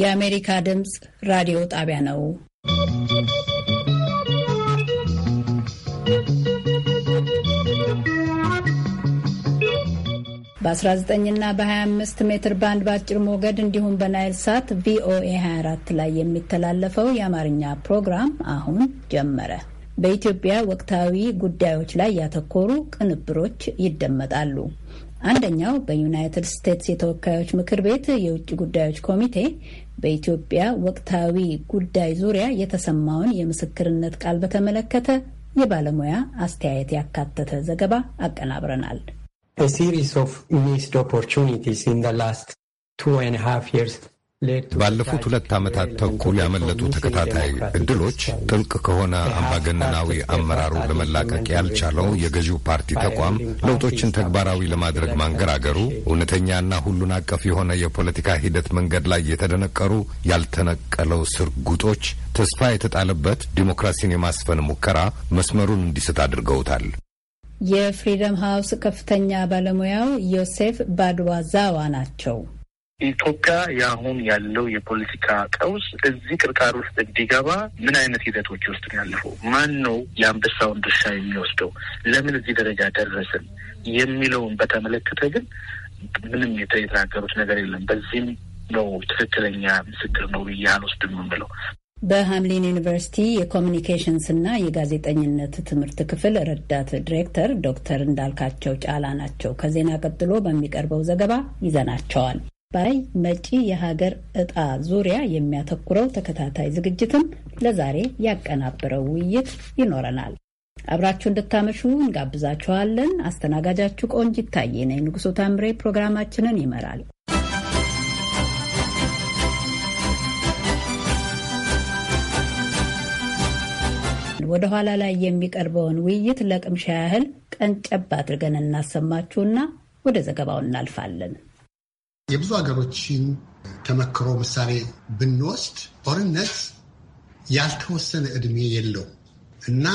የአሜሪካ ድምፅ ራዲዮ ጣቢያ ነው። 19 እና በ25 ሜትር ባንድ በአጭር ሞገድ እንዲሁም በናይል ሳት ቪኦኤ 24 ላይ የሚተላለፈው የአማርኛ ፕሮግራም አሁን ጀመረ። በኢትዮጵያ ወቅታዊ ጉዳዮች ላይ ያተኮሩ ቅንብሮች ይደመጣሉ። አንደኛው በዩናይትድ ስቴትስ የተወካዮች ምክር ቤት የውጭ ጉዳዮች ኮሚቴ በኢትዮጵያ ወቅታዊ ጉዳይ ዙሪያ የተሰማውን የምስክርነት ቃል በተመለከተ የባለሙያ አስተያየት ያካተተ ዘገባ አቀናብረናል። A series ባለፉት ሁለት ዓመታት ተኩል ያመለጡ ተከታታይ እድሎች ጥልቅ ከሆነ አምባገነናዊ አመራሩ ለመላቀቅ ያልቻለው የገዢው ፓርቲ ተቋም ለውጦችን ተግባራዊ ለማድረግ ማንገራገሩ እውነተኛና ሁሉን አቀፍ የሆነ የፖለቲካ ሂደት መንገድ ላይ የተደነቀሩ ያልተነቀለው ስርጉጦች ተስፋ የተጣለበት ዲሞክራሲን የማስፈን ሙከራ መስመሩን እንዲስት አድርገውታል። የፍሪደም ሃውስ ከፍተኛ ባለሙያው ዮሴፍ ባድዋዛዋ ናቸው። ኢትዮጵያ የአሁን ያለው የፖለቲካ ቀውስ እዚህ ቅርቃር ውስጥ እንዲገባ ምን አይነት ሂደቶች ውስጥ ነው ያለፈው? ማን ነው የአንበሳውን ድርሻ የሚወስደው? ለምን እዚህ ደረጃ ደረስን የሚለውን በተመለከተ ግን ምንም የተናገሩት ነገር የለም። በዚህም ነው ትክክለኛ ምስክር ነው ብዬ አልወስድም የምለው። በሀምሊን ዩኒቨርሲቲ የኮሚኒኬሽንስ እና የጋዜጠኝነት ትምህርት ክፍል ረዳት ዲሬክተር ዶክተር እንዳልካቸው ጫላ ናቸው። ከዜና ቀጥሎ በሚቀርበው ዘገባ ይዘናቸዋል። ባይ መጪ የሀገር እጣ ዙሪያ የሚያተኩረው ተከታታይ ዝግጅትም ለዛሬ ያቀናበረው ውይይት ይኖረናል። አብራችሁ እንድታመሹ እንጋብዛችኋለን። አስተናጋጃችሁ ቆንጅ ይታየ ነኝ። ንጉሱ ታምሬ ፕሮግራማችንን ይመራል። ወደ ኋላ ላይ የሚቀርበውን ውይይት ለቅምሻ ያህል ቀንጨብ አድርገን እናሰማችሁና ወደ ዘገባው እናልፋለን። የብዙ ሀገሮችን ተመክሮ ምሳሌ ብንወስድ ጦርነት ያልተወሰነ እድሜ የለው እና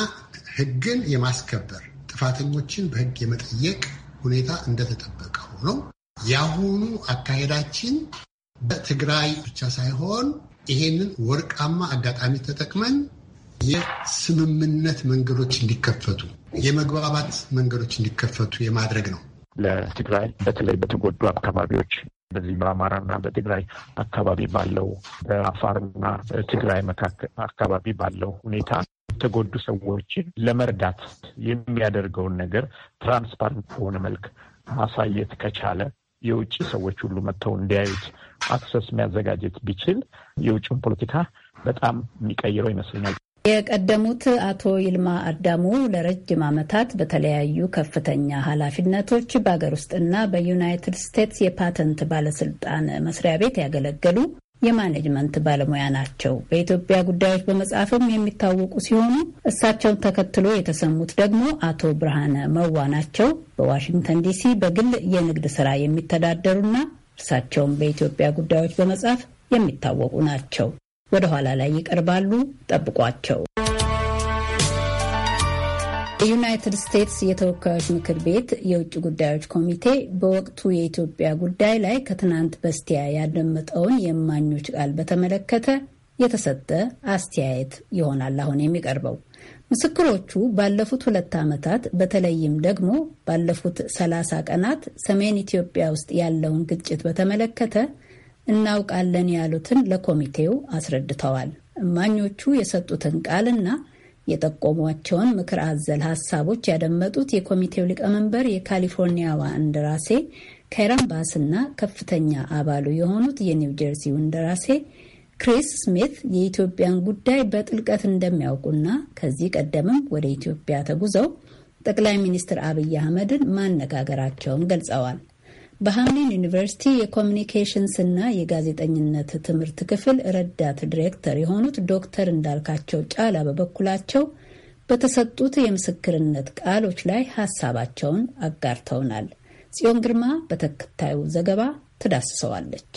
ህግን የማስከበር ጥፋተኞችን በህግ የመጠየቅ ሁኔታ እንደተጠበቀ ሆኖ የአሁኑ አካሄዳችን በትግራይ ብቻ ሳይሆን ይሄንን ወርቃማ አጋጣሚ ተጠቅመን የስምምነት መንገዶች እንዲከፈቱ የመግባባት መንገዶች እንዲከፈቱ የማድረግ ነው። ለትግራይ በተለይ በተጎዱ አካባቢዎች በዚህ በአማራና በትግራይ አካባቢ ባለው በአፋርና ትግራይ መካከል አካባቢ ባለው ሁኔታ የተጎዱ ሰዎችን ለመርዳት የሚያደርገውን ነገር ትራንስፓረንት በሆነ መልክ ማሳየት ከቻለ የውጭ ሰዎች ሁሉ መጥተው እንዲያዩት አክሰስ የሚያዘጋጀት ቢችል የውጭን ፖለቲካ በጣም የሚቀይረው ይመስለኛል። የቀደሙት አቶ ይልማ አዳሙ ለረጅም ዓመታት በተለያዩ ከፍተኛ ኃላፊነቶች በአገር ውስጥና በዩናይትድ ስቴትስ የፓተንት ባለስልጣን መስሪያ ቤት ያገለገሉ የማኔጅመንት ባለሙያ ናቸው። በኢትዮጵያ ጉዳዮች በመጻፍም የሚታወቁ ሲሆኑ እሳቸውን ተከትሎ የተሰሙት ደግሞ አቶ ብርሃነ መዋ ናቸው። በዋሽንግተን ዲሲ በግል የንግድ ስራ የሚተዳደሩና እርሳቸውም በኢትዮጵያ ጉዳዮች በመጻፍ የሚታወቁ ናቸው። ወደ ኋላ ላይ ይቀርባሉ። ጠብቋቸው። የዩናይትድ ስቴትስ የተወካዮች ምክር ቤት የውጭ ጉዳዮች ኮሚቴ በወቅቱ የኢትዮጵያ ጉዳይ ላይ ከትናንት በስቲያ ያደመጠውን የእማኞች ቃል በተመለከተ የተሰጠ አስተያየት ይሆናል አሁን የሚቀርበው። ምስክሮቹ ባለፉት ሁለት ዓመታት በተለይም ደግሞ ባለፉት ሰላሳ ቀናት ሰሜን ኢትዮጵያ ውስጥ ያለውን ግጭት በተመለከተ እናውቃለን ያሉትን ለኮሚቴው አስረድተዋል። እማኞቹ የሰጡትን ቃልና የጠቆሟቸውን ምክር አዘል ሀሳቦች ያደመጡት የኮሚቴው ሊቀመንበር የካሊፎርኒያዋ እንደራሴ ካይራን ባስና ከፍተኛ አባሉ የሆኑት የኒው ጀርሲው እንደራሴ ክሪስ ስሚት የኢትዮጵያን ጉዳይ በጥልቀት እንደሚያውቁና ከዚህ ቀደምም ወደ ኢትዮጵያ ተጉዘው ጠቅላይ ሚኒስትር አብይ አህመድን ማነጋገራቸውን ገልጸዋል። በሃምሊን ዩኒቨርሲቲ የኮሚኒኬሽንስ እና የጋዜጠኝነት ትምህርት ክፍል ረዳት ዲሬክተር የሆኑት ዶክተር እንዳልካቸው ጫላ በበኩላቸው በተሰጡት የምስክርነት ቃሎች ላይ ሀሳባቸውን አጋርተውናል። ጽዮን ግርማ በተከታዩ ዘገባ ትዳስሰዋለች።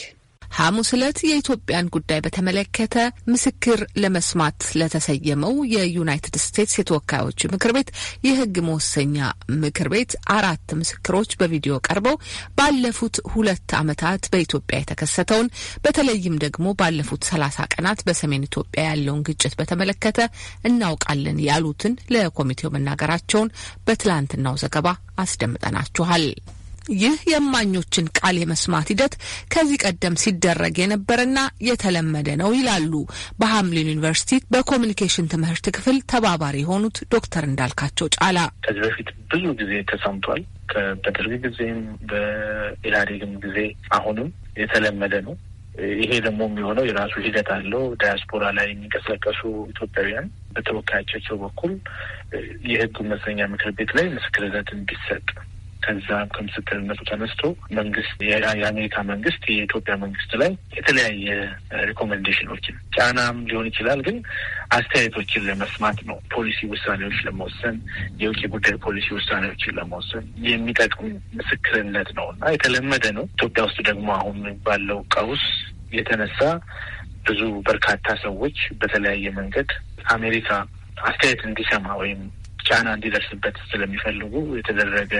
ሐሙስ ዕለት የኢትዮጵያን ጉዳይ በተመለከተ ምስክር ለመስማት ለተሰየመው የዩናይትድ ስቴትስ የተወካዮች ምክር ቤት የህግ መወሰኛ ምክር ቤት አራት ምስክሮች በቪዲዮ ቀርበው ባለፉት ሁለት ዓመታት በኢትዮጵያ የተከሰተውን በተለይም ደግሞ ባለፉት ሰላሳ ቀናት በሰሜን ኢትዮጵያ ያለውን ግጭት በተመለከተ እናውቃለን ያሉትን ለኮሚቴው መናገራቸውን በትላንትናው ዘገባ አስደምጠናችኋል። ይህ የእማኞችን ቃል የመስማት ሂደት ከዚህ ቀደም ሲደረግ የነበረና የተለመደ ነው ይላሉ በሀምሊን ዩኒቨርሲቲ በኮሚኒኬሽን ትምህርት ክፍል ተባባሪ የሆኑት ዶክተር እንዳልካቸው ጫላ። ከዚህ በፊት ብዙ ጊዜ ተሰምቷል። በደርግ ጊዜም በኢህአዴግም ጊዜ አሁንም የተለመደ ነው። ይሄ ደግሞ የሚሆነው የራሱ ሂደት አለው። ዳያስፖራ ላይ የሚንቀሳቀሱ ኢትዮጵያውያን በተወካዮቻቸው በኩል የህግ መወሰኛ ምክር ቤት ላይ ምስክርነት እንዲሰጥ ከዛም ከምስክርነቱ ተነስቶ መንግስት የአሜሪካ መንግስት የኢትዮጵያ መንግስት ላይ የተለያየ ሪኮሜንዴሽኖችን ጫናም ሊሆን ይችላል፣ ግን አስተያየቶችን ለመስማት ነው። ፖሊሲ ውሳኔዎች ለመወሰን የውጭ ጉዳይ ፖሊሲ ውሳኔዎችን ለመወሰን የሚጠቅም ምስክርነት ነው እና የተለመደ ነው። ኢትዮጵያ ውስጥ ደግሞ አሁን ባለው ቀውስ የተነሳ ብዙ በርካታ ሰዎች በተለያየ መንገድ አሜሪካ አስተያየት እንዲሰማ ወይም ጫና እንዲደርስበት ስለሚፈልጉ የተደረገ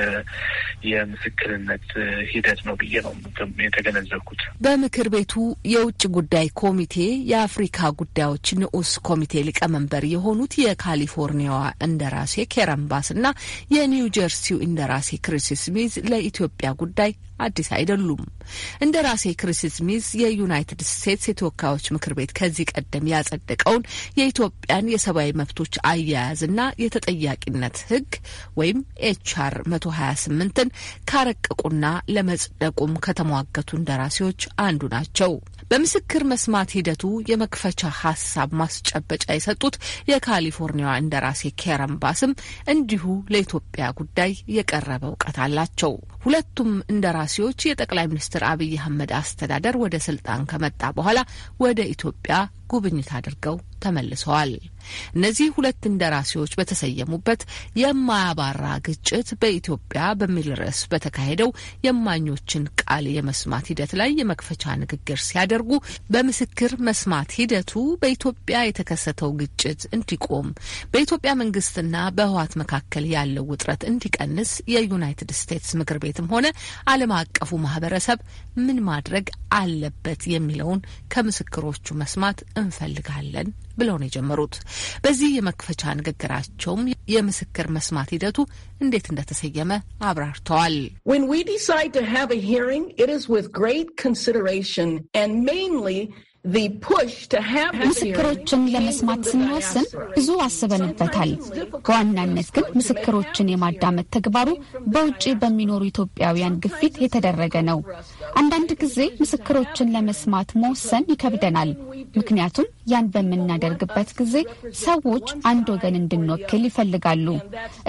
የምስክርነት ሂደት ነው ብዬ ነው የተገነዘብኩት። በምክር ቤቱ የውጭ ጉዳይ ኮሚቴ የአፍሪካ ጉዳዮች ንዑስ ኮሚቴ ሊቀመንበር የሆኑት የካሊፎርኒያዋ እንደራሴ ኬረን ባስ እና የኒው ጀርሲው እንደራሴ ክሪስ ስሚዝ ለኢትዮጵያ ጉዳይ አዲስ አይደሉም። እንደ ራሴ ክሪስ ስሚዝ የዩናይትድ ስቴትስ የተወካዮች ምክር ቤት ከዚህ ቀደም ያጸደቀውን የኢትዮጵያን የሰብአዊ መብቶች አያያዝና የተጠያቂነት ሕግ ወይም ኤችአር መቶ ሀያ ስምንትን ካረቀቁና ለመጽደቁም ከተሟገቱ እንደራሴዎች አንዱ ናቸው። በምስክር መስማት ሂደቱ የመክፈቻ ሀሳብ ማስጨበጫ የሰጡት የካሊፎርኒያ እንደራሴ ኬረን ባስም እንዲሁ ለኢትዮጵያ ጉዳይ የቀረበ እውቀት አላቸው። ሁለቱም እንደራሴዎች የጠቅላይ ሚኒስትር አብይ አህመድ አስተዳደር ወደ ስልጣን ከመጣ በኋላ ወደ ኢትዮጵያ ጉብኝት አድርገው ተመልሰዋል። እነዚህ ሁለት እንደራሴዎች በተሰየሙበት የማያባራ ግጭት በኢትዮጵያ በሚል ርዕስ በተካሄደው የማኞችን ቃል የመስማት ሂደት ላይ የመክፈቻ ንግግር ሲያደርጉ በምስክር መስማት ሂደቱ በኢትዮጵያ የተከሰተው ግጭት እንዲቆም፣ በኢትዮጵያ መንግስትና በህወሓት መካከል ያለው ውጥረት እንዲቀንስ የዩናይትድ ስቴትስ ምክር ቤትም ሆነ ዓለም አቀፉ ማህበረሰብ ምን ማድረግ አለበት የሚለውን ከምስክሮቹ መስማት እንፈልጋለን ብለው ነው የጀመሩት። በዚህ የመክፈቻ ንግግራቸውም የምስክር መስማት ሂደቱ እንዴት እንደተሰየመ አብራርተዋል። When we decide to have a hearing, it is with great consideration and mainly ምስክሮችን ለመስማት ስንወስን ብዙ አስበንበታል። በዋናነት ግን ምስክሮችን የማዳመጥ ተግባሩ በውጭ በሚኖሩ ኢትዮጵያውያን ግፊት የተደረገ ነው። አንዳንድ ጊዜ ምስክሮችን ለመስማት መወሰን ይከብደናል። ምክንያቱም ያን በምናደርግበት ጊዜ ሰዎች አንድ ወገን እንድንወክል ይፈልጋሉ።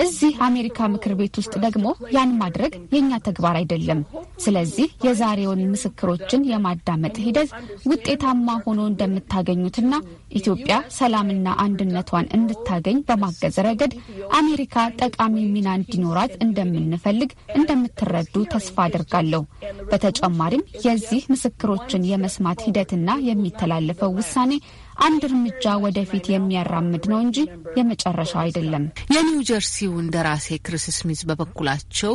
እዚህ አሜሪካ ምክር ቤት ውስጥ ደግሞ ያን ማድረግ የእኛ ተግባር አይደለም። ስለዚህ የዛሬውን ምስክሮችን የማዳመጥ ሂደት ውጤታማ ውጤታማ ሆኖ እንደምታገኙትና ኢትዮጵያ ሰላምና አንድነቷን እንድታገኝ በማገዝ ረገድ አሜሪካ ጠቃሚ ሚና እንዲኖራት እንደምንፈልግ እንደምትረዱ ተስፋ አድርጋለሁ። በተጨማሪም የዚህ ምስክሮችን የመስማት ሂደትና የሚተላለፈው ውሳኔ አንድ እርምጃ ወደፊት የሚያራምድ ነው እንጂ የመጨረሻው አይደለም። የኒው ጀርሲው እንደራሴ ክሪስ ስሚዝ በበኩላቸው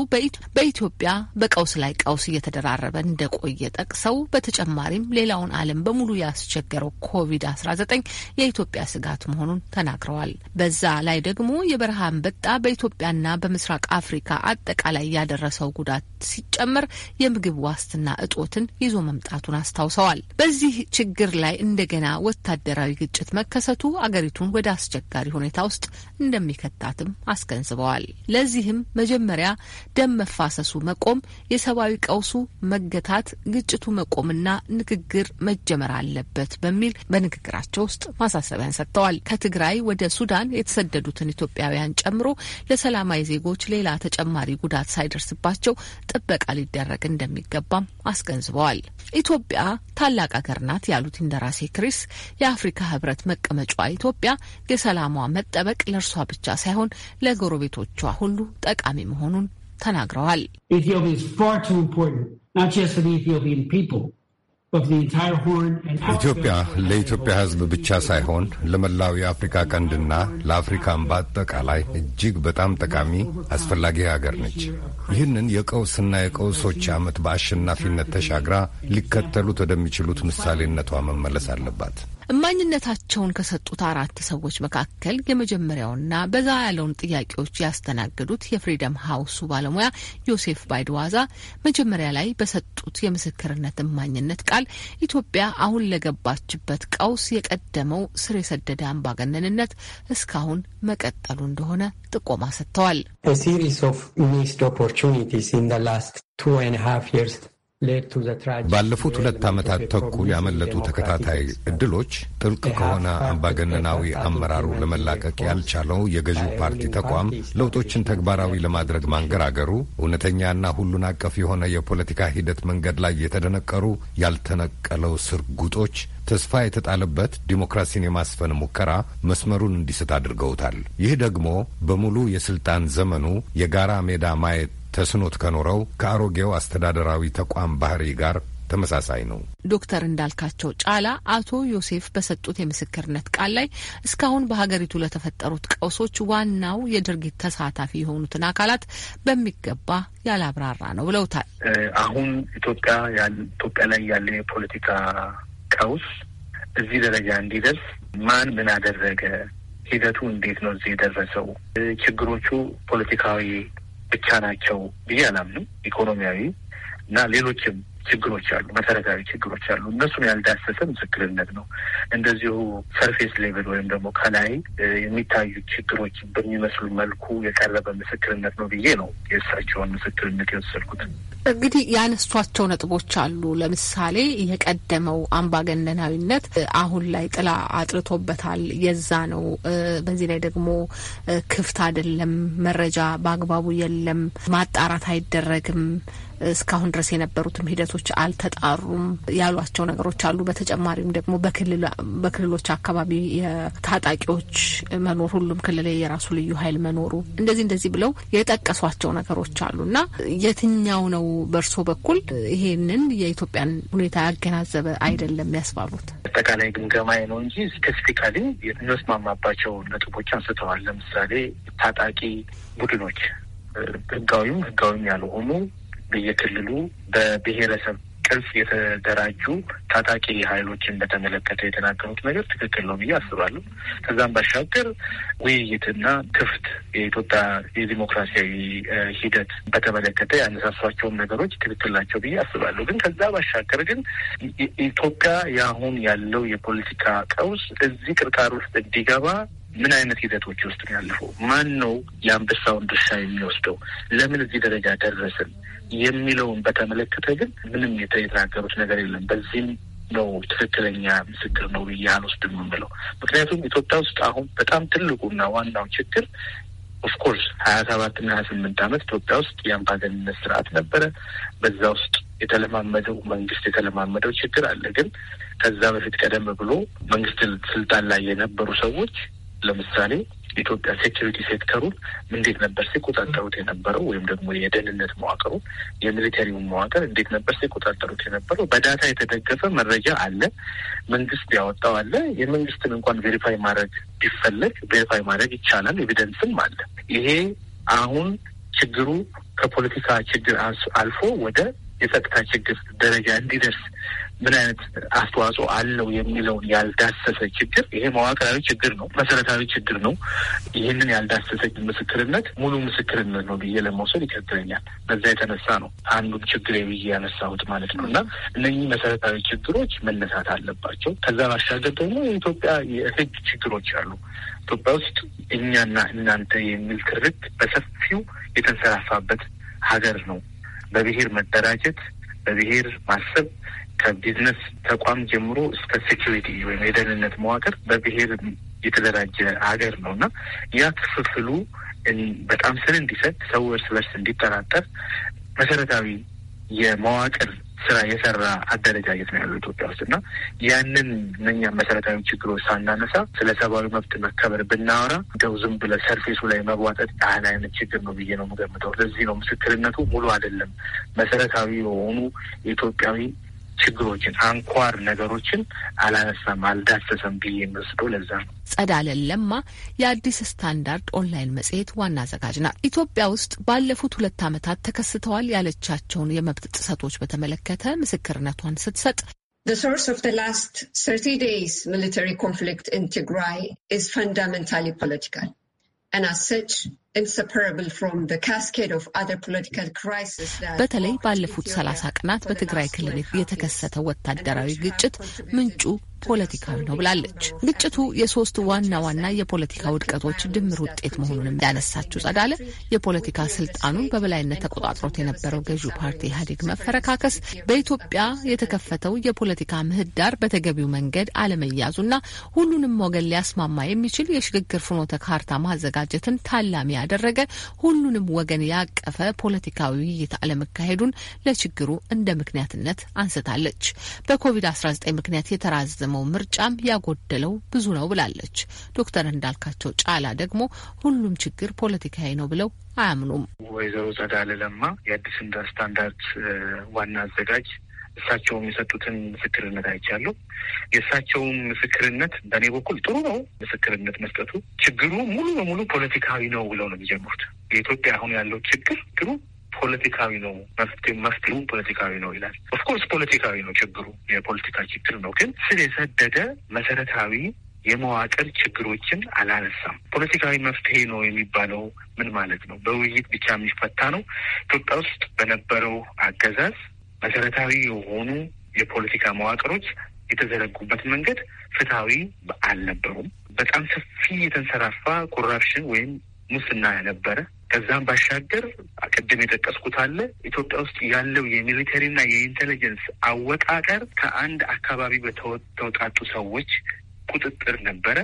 በኢትዮጵያ በቀውስ ላይ ቀውስ እየተደራረበ እንደቆየ ጠቅሰው በተጨማሪም ሌላውን ዓለም በሙሉ ያስቸገረው ኮቪድ-19 የኢትዮጵያ ስጋት መሆኑን ተናግረዋል። በዛ ላይ ደግሞ የበረሃ አንበጣ በኢትዮጵያና በምስራቅ አፍሪካ አጠቃላይ ያደረሰው ጉዳት ሲጨመር የምግብ ዋስትና እጦትን ይዞ መምጣቱን አስታውሰዋል። በዚህ ችግር ላይ እንደገና ወታደር ብሔራዊ ግጭት መከሰቱ አገሪቱን ወደ አስቸጋሪ ሁኔታ ውስጥ እንደሚከታትም አስገንዝበዋል። ለዚህም መጀመሪያ ደም መፋሰሱ መቆም፣ የሰብአዊ ቀውሱ መገታት፣ ግጭቱ መቆምና ንግግር መጀመር አለበት በሚል በንግግራቸው ውስጥ ማሳሰቢያን ሰጥተዋል። ከትግራይ ወደ ሱዳን የተሰደዱትን ኢትዮጵያውያን ጨምሮ ለሰላማዊ ዜጎች ሌላ ተጨማሪ ጉዳት ሳይደርስባቸው ጥበቃ ሊደረግ እንደሚገባም አስገንዝበዋል። ኢትዮጵያ ታላቅ አገር ናት ያሉት እንደራሴ ክሪስ የአፍሪካ ህብረት መቀመጫዋ ኢትዮጵያ የሰላሟ መጠበቅ ለእርሷ ብቻ ሳይሆን ለጎረቤቶቿ ሁሉ ጠቃሚ መሆኑን ተናግረዋል። ኢትዮጵያ ለኢትዮጵያ ህዝብ ብቻ ሳይሆን ለመላው የአፍሪካ ቀንድና ለአፍሪካን በአጠቃላይ እጅግ በጣም ጠቃሚ አስፈላጊ ሀገር ነች። ይህንን የቀውስና የቀውሶች ዓመት በአሸናፊነት ተሻግራ ሊከተሉት ወደሚችሉት ምሳሌነቷ መመለስ አለባት። እማኝነታቸውን ከሰጡት አራት ሰዎች መካከል የመጀመሪያውና በዛ ያለውን ጥያቄዎች ያስተናገዱት የፍሪደም ሀውሱ ባለሙያ ዮሴፍ ባይድዋዛ መጀመሪያ ላይ በሰጡት የምስክርነት እማኝነት ቃል ኢትዮጵያ አሁን ለገባችበት ቀውስ የቀደመው ስር የሰደደ አምባገነንነት እስካሁን መቀጠሉ እንደሆነ ጥቆማ ሰጥተዋል። ባለፉት ሁለት ዓመታት ተኩል ያመለጡ ተከታታይ እድሎች ጥልቅ ከሆነ አምባገነናዊ አመራሩ ለመላቀቅ ያልቻለው የገዢው ፓርቲ ተቋም ለውጦችን ተግባራዊ ለማድረግ ማንገራገሩ እውነተኛና ሁሉን አቀፍ የሆነ የፖለቲካ ሂደት መንገድ ላይ የተደነቀሩ ያልተነቀለው ስርጉጦች ተስፋ የተጣለበት ዲሞክራሲን የማስፈን ሙከራ መስመሩን እንዲስት አድርገውታል። ይህ ደግሞ በሙሉ የስልጣን ዘመኑ የጋራ ሜዳ ማየት ተስኖት ከኖረው ከአሮጌው አስተዳደራዊ ተቋም ባህሪ ጋር ተመሳሳይ ነው። ዶክተር እንዳልካቸው ጫላ አቶ ዮሴፍ በሰጡት የምስክርነት ቃል ላይ እስካሁን በሀገሪቱ ለተፈጠሩት ቀውሶች ዋናው የድርጊት ተሳታፊ የሆኑትን አካላት በሚገባ ያላብራራ ነው ብለውታል። አሁን ኢትዮጵያ ኢትዮጵያ ላይ ያለ የፖለቲካ ቀውስ እዚህ ደረጃ እንዲደርስ ማን ምን አደረገ? ሂደቱ እንዴት ነው እዚህ የደረሰው? ችግሮቹ ፖለቲካዊ ብቻ ናቸው ብዬ አላምንም። ኢኮኖሚያዊ እና ሌሎችም ችግሮች አሉ፣ መሰረታዊ ችግሮች አሉ። እነሱን ያልዳሰሰ ምስክርነት ነው። እንደዚሁ ሰርፌስ ሌቭል ወይም ደግሞ ከላይ የሚታዩ ችግሮች በሚመስሉ መልኩ የቀረበ ምስክርነት ነው ብዬ ነው የእሳቸውን ምስክርነት የወሰድኩት። እንግዲህ ያነሷቸው ነጥቦች አሉ። ለምሳሌ የቀደመው አምባገነናዊነት አሁን ላይ ጥላ አጥርቶበታል። የዛ ነው። በዚህ ላይ ደግሞ ክፍት አይደለም፣ መረጃ በአግባቡ የለም፣ ማጣራት አይደረግም እስካሁን ድረስ የነበሩትም ሂደቶች አልተጣሩም ያሏቸው ነገሮች አሉ። በተጨማሪም ደግሞ በክልሎች አካባቢ የታጣቂዎች መኖር ሁሉም ክልል የራሱ ልዩ ኃይል መኖሩ እንደዚህ እንደዚህ ብለው የጠቀሷቸው ነገሮች አሉ እና የትኛው ነው በእርሶ በኩል ይሄንን የኢትዮጵያን ሁኔታ ያገናዘበ አይደለም ያስባሉት? አጠቃላይ ግምገማ ነው እንጂ ስፔሲፊካሊ የምንስማማባቸው ነጥቦች አንስተዋል። ለምሳሌ ታጣቂ ቡድኖች ህጋዊም ህጋዊም ያልሆኑ በየክልሉ በብሔረሰብ ቅርጽ የተደራጁ ታጣቂ ኃይሎችን በተመለከተ የተናገሩት ነገር ትክክል ነው ብዬ አስባለሁ። ከዛም ባሻገር ውይይትና ክፍት የኢትዮጵያ የዲሞክራሲያዊ ሂደት በተመለከተ ያነሳሷቸውም ነገሮች ትክክል ናቸው ብዬ አስባለሁ። ግን ከዛ ባሻገር ግን ኢትዮጵያ የአሁን ያለው የፖለቲካ ቀውስ እዚህ ቅርቃር ውስጥ እንዲገባ ምን አይነት ሂደቶች ውስጥ ያለፈው? ማን ነው የአንበሳውን ድርሻ የሚወስደው? ለምን እዚህ ደረጃ ደረስን? የሚለውን በተመለከተ ግን ምንም የተናገሩት ነገር የለም። በዚህም ነው ትክክለኛ ምስክር ነው ብዬ አልወስድም የምለው። ምክንያቱም ኢትዮጵያ ውስጥ አሁን በጣም ትልቁና ዋናው ችግር ኦፍኮርስ ሀያ ሰባት እና ሀያ ስምንት ዓመት ኢትዮጵያ ውስጥ የአምባገንነት ስርዓት ነበረ። በዛ ውስጥ የተለማመደው መንግስት የተለማመደው ችግር አለ። ግን ከዛ በፊት ቀደም ብሎ መንግስት ስልጣን ላይ የነበሩ ሰዎች ለምሳሌ የኢትዮጵያ ሴኪሪቲ ሴክተሩን እንዴት ነበር ሲቆጣጠሩት የነበረው ወይም ደግሞ የደህንነት መዋቅሩ የሚሊተሪውን መዋቅር እንዴት ነበር ሲቆጣጠሩት የነበረው? በዳታ የተደገፈ መረጃ አለ፣ መንግስት ያወጣው አለ። የመንግስትን እንኳን ቬሪፋይ ማድረግ ቢፈለግ ቬሪፋይ ማድረግ ይቻላል፣ ኤቪደንስም አለ። ይሄ አሁን ችግሩ ከፖለቲካ ችግር አልፎ ወደ የጸጥታ ችግር ደረጃ እንዲደርስ ምን አይነት አስተዋጽኦ አለው የሚለውን ያልዳሰሰ ችግር ይሄ መዋቅራዊ ችግር ነው፣ መሰረታዊ ችግር ነው። ይህንን ያልዳሰሰ ምስክርነት ሙሉ ምስክርነት ነው ብዬ ለመውሰድ ይከብደኛል። በዛ የተነሳ ነው አንዱን ችግር ብዬ ያነሳሁት ማለት ነው። እና እነኚህ መሰረታዊ ችግሮች መነሳት አለባቸው። ከዛ ባሻገር ደግሞ የኢትዮጵያ የህግ ችግሮች አሉ። ኢትዮጵያ ውስጥ እኛና እናንተ የሚል ትርክ በሰፊው የተንሰራፋበት ሀገር ነው። በብሔር መደራጀት፣ በብሔር ማሰብ ከቢዝነስ ተቋም ጀምሮ እስከ ሴኪሪቲ ወይም የደህንነት መዋቅር በብሔር የተደራጀ ሀገር ነው እና ያ ክፍፍሉ በጣም ስር እንዲሰጥ፣ ሰው እርስ በርስ እንዲጠራጠር መሰረታዊ የመዋቅር ስራ የሰራ አደረጃጀት ነው ያለው ኢትዮጵያ ውስጥ እና ያንን እነኛ መሰረታዊ ችግሮች ሳናነሳ ስለ ሰብአዊ መብት መከበር ብናወራ እንደው ዝም ብለ ሰርፌሱ ላይ መቧጠጥ ያህል አይነት ችግር ነው ብዬ ነው የምገምተው። ለዚህ ነው ምስክርነቱ ሙሉ አይደለም። መሰረታዊ የሆኑ የኢትዮጵያዊ ችግሮችን አንኳር ነገሮችን አላነሳም፣ አልዳሰሰም ብዬ የምወስደው ለዛ ነው። ጸዳለን ለማ የአዲስ ስታንዳርድ ኦንላይን መጽሔት ዋና አዘጋጅ ናት። ኢትዮጵያ ውስጥ ባለፉት ሁለት ዓመታት ተከስተዋል ያለቻቸውን የመብት ጥሰቶች በተመለከተ ምስክርነቷን ስትሰጥ The source of the last 30 days military conflict in Tigray is fundamentally political and as such በተለይ ባለፉት ሰላሳ ቀናት በትግራይ ክልል የተከሰተው ወታደራዊ ግጭት ምንጩ ፖለቲካዊ ነው ብላለች። ግጭቱ የሶስት ዋና ዋና የፖለቲካ ውድቀቶች ድምር ውጤት መሆኑንም ያነሳችው ጸዳለ የፖለቲካ ስልጣኑን በበላይነት ተቆጣጥሮት የነበረው ገዢው ፓርቲ ኢህአዴግ መፈረካከስ፣ በኢትዮጵያ የተከፈተው የፖለቲካ ምህዳር በተገቢው መንገድ አለመያዙና ሁሉንም ወገን ሊያስማማ የሚችል የሽግግር ፍኖተ ካርታ ማዘጋጀትን ታላሚ ያደረገ ሁሉንም ወገን ያቀፈ ፖለቲካዊ ውይይት አለመካሄዱን ለችግሩ እንደ ምክንያትነት አንስታለች። በኮቪድ-19 ምክንያት የተራዘመው ምርጫም ያጎደለው ብዙ ነው ብላለች። ዶክተር እንዳልካቸው ጫላ ደግሞ ሁሉም ችግር ፖለቲካዊ ነው ብለው አያምኑም። ወይዘሮ ጸዳለ ለማ የአዲስ ስታንዳርድ ዋና አዘጋጅ እሳቸውም የሰጡትን ምስክርነት አይቻለሁ። የእሳቸውም ምስክርነት በእኔ በኩል ጥሩ ነው። ምስክርነት መስጠቱ ችግሩ ሙሉ በሙሉ ፖለቲካዊ ነው ብለው ነው የሚጀምሩት። የኢትዮጵያ አሁን ያለው ችግር ግሩ ፖለቲካዊ ነው፣ መፍትሄ መፍትሄው ፖለቲካዊ ነው ይላል። ኦፍኮርስ ፖለቲካዊ ነው ችግሩ፣ የፖለቲካ ችግር ነው። ግን ስር የሰደደ መሰረታዊ የመዋቅር ችግሮችን አላነሳም። ፖለቲካዊ መፍትሄ ነው የሚባለው ምን ማለት ነው? በውይይት ብቻ የሚፈታ ነው? ኢትዮጵያ ውስጥ በነበረው አገዛዝ መሰረታዊ የሆኑ የፖለቲካ መዋቅሮች የተዘረጉበት መንገድ ፍትሐዊ አልነበሩም። በጣም ሰፊ የተንሰራፋ ኮራፕሽን ወይም ሙስና ነበረ። ከዛም ባሻገር ቅድም የጠቀስኩት አለ ኢትዮጵያ ውስጥ ያለው የሚሊተሪና የኢንቴሊጀንስ አወቃቀር ከአንድ አካባቢ በተውጣጡ ሰዎች ቁጥጥር ነበረ።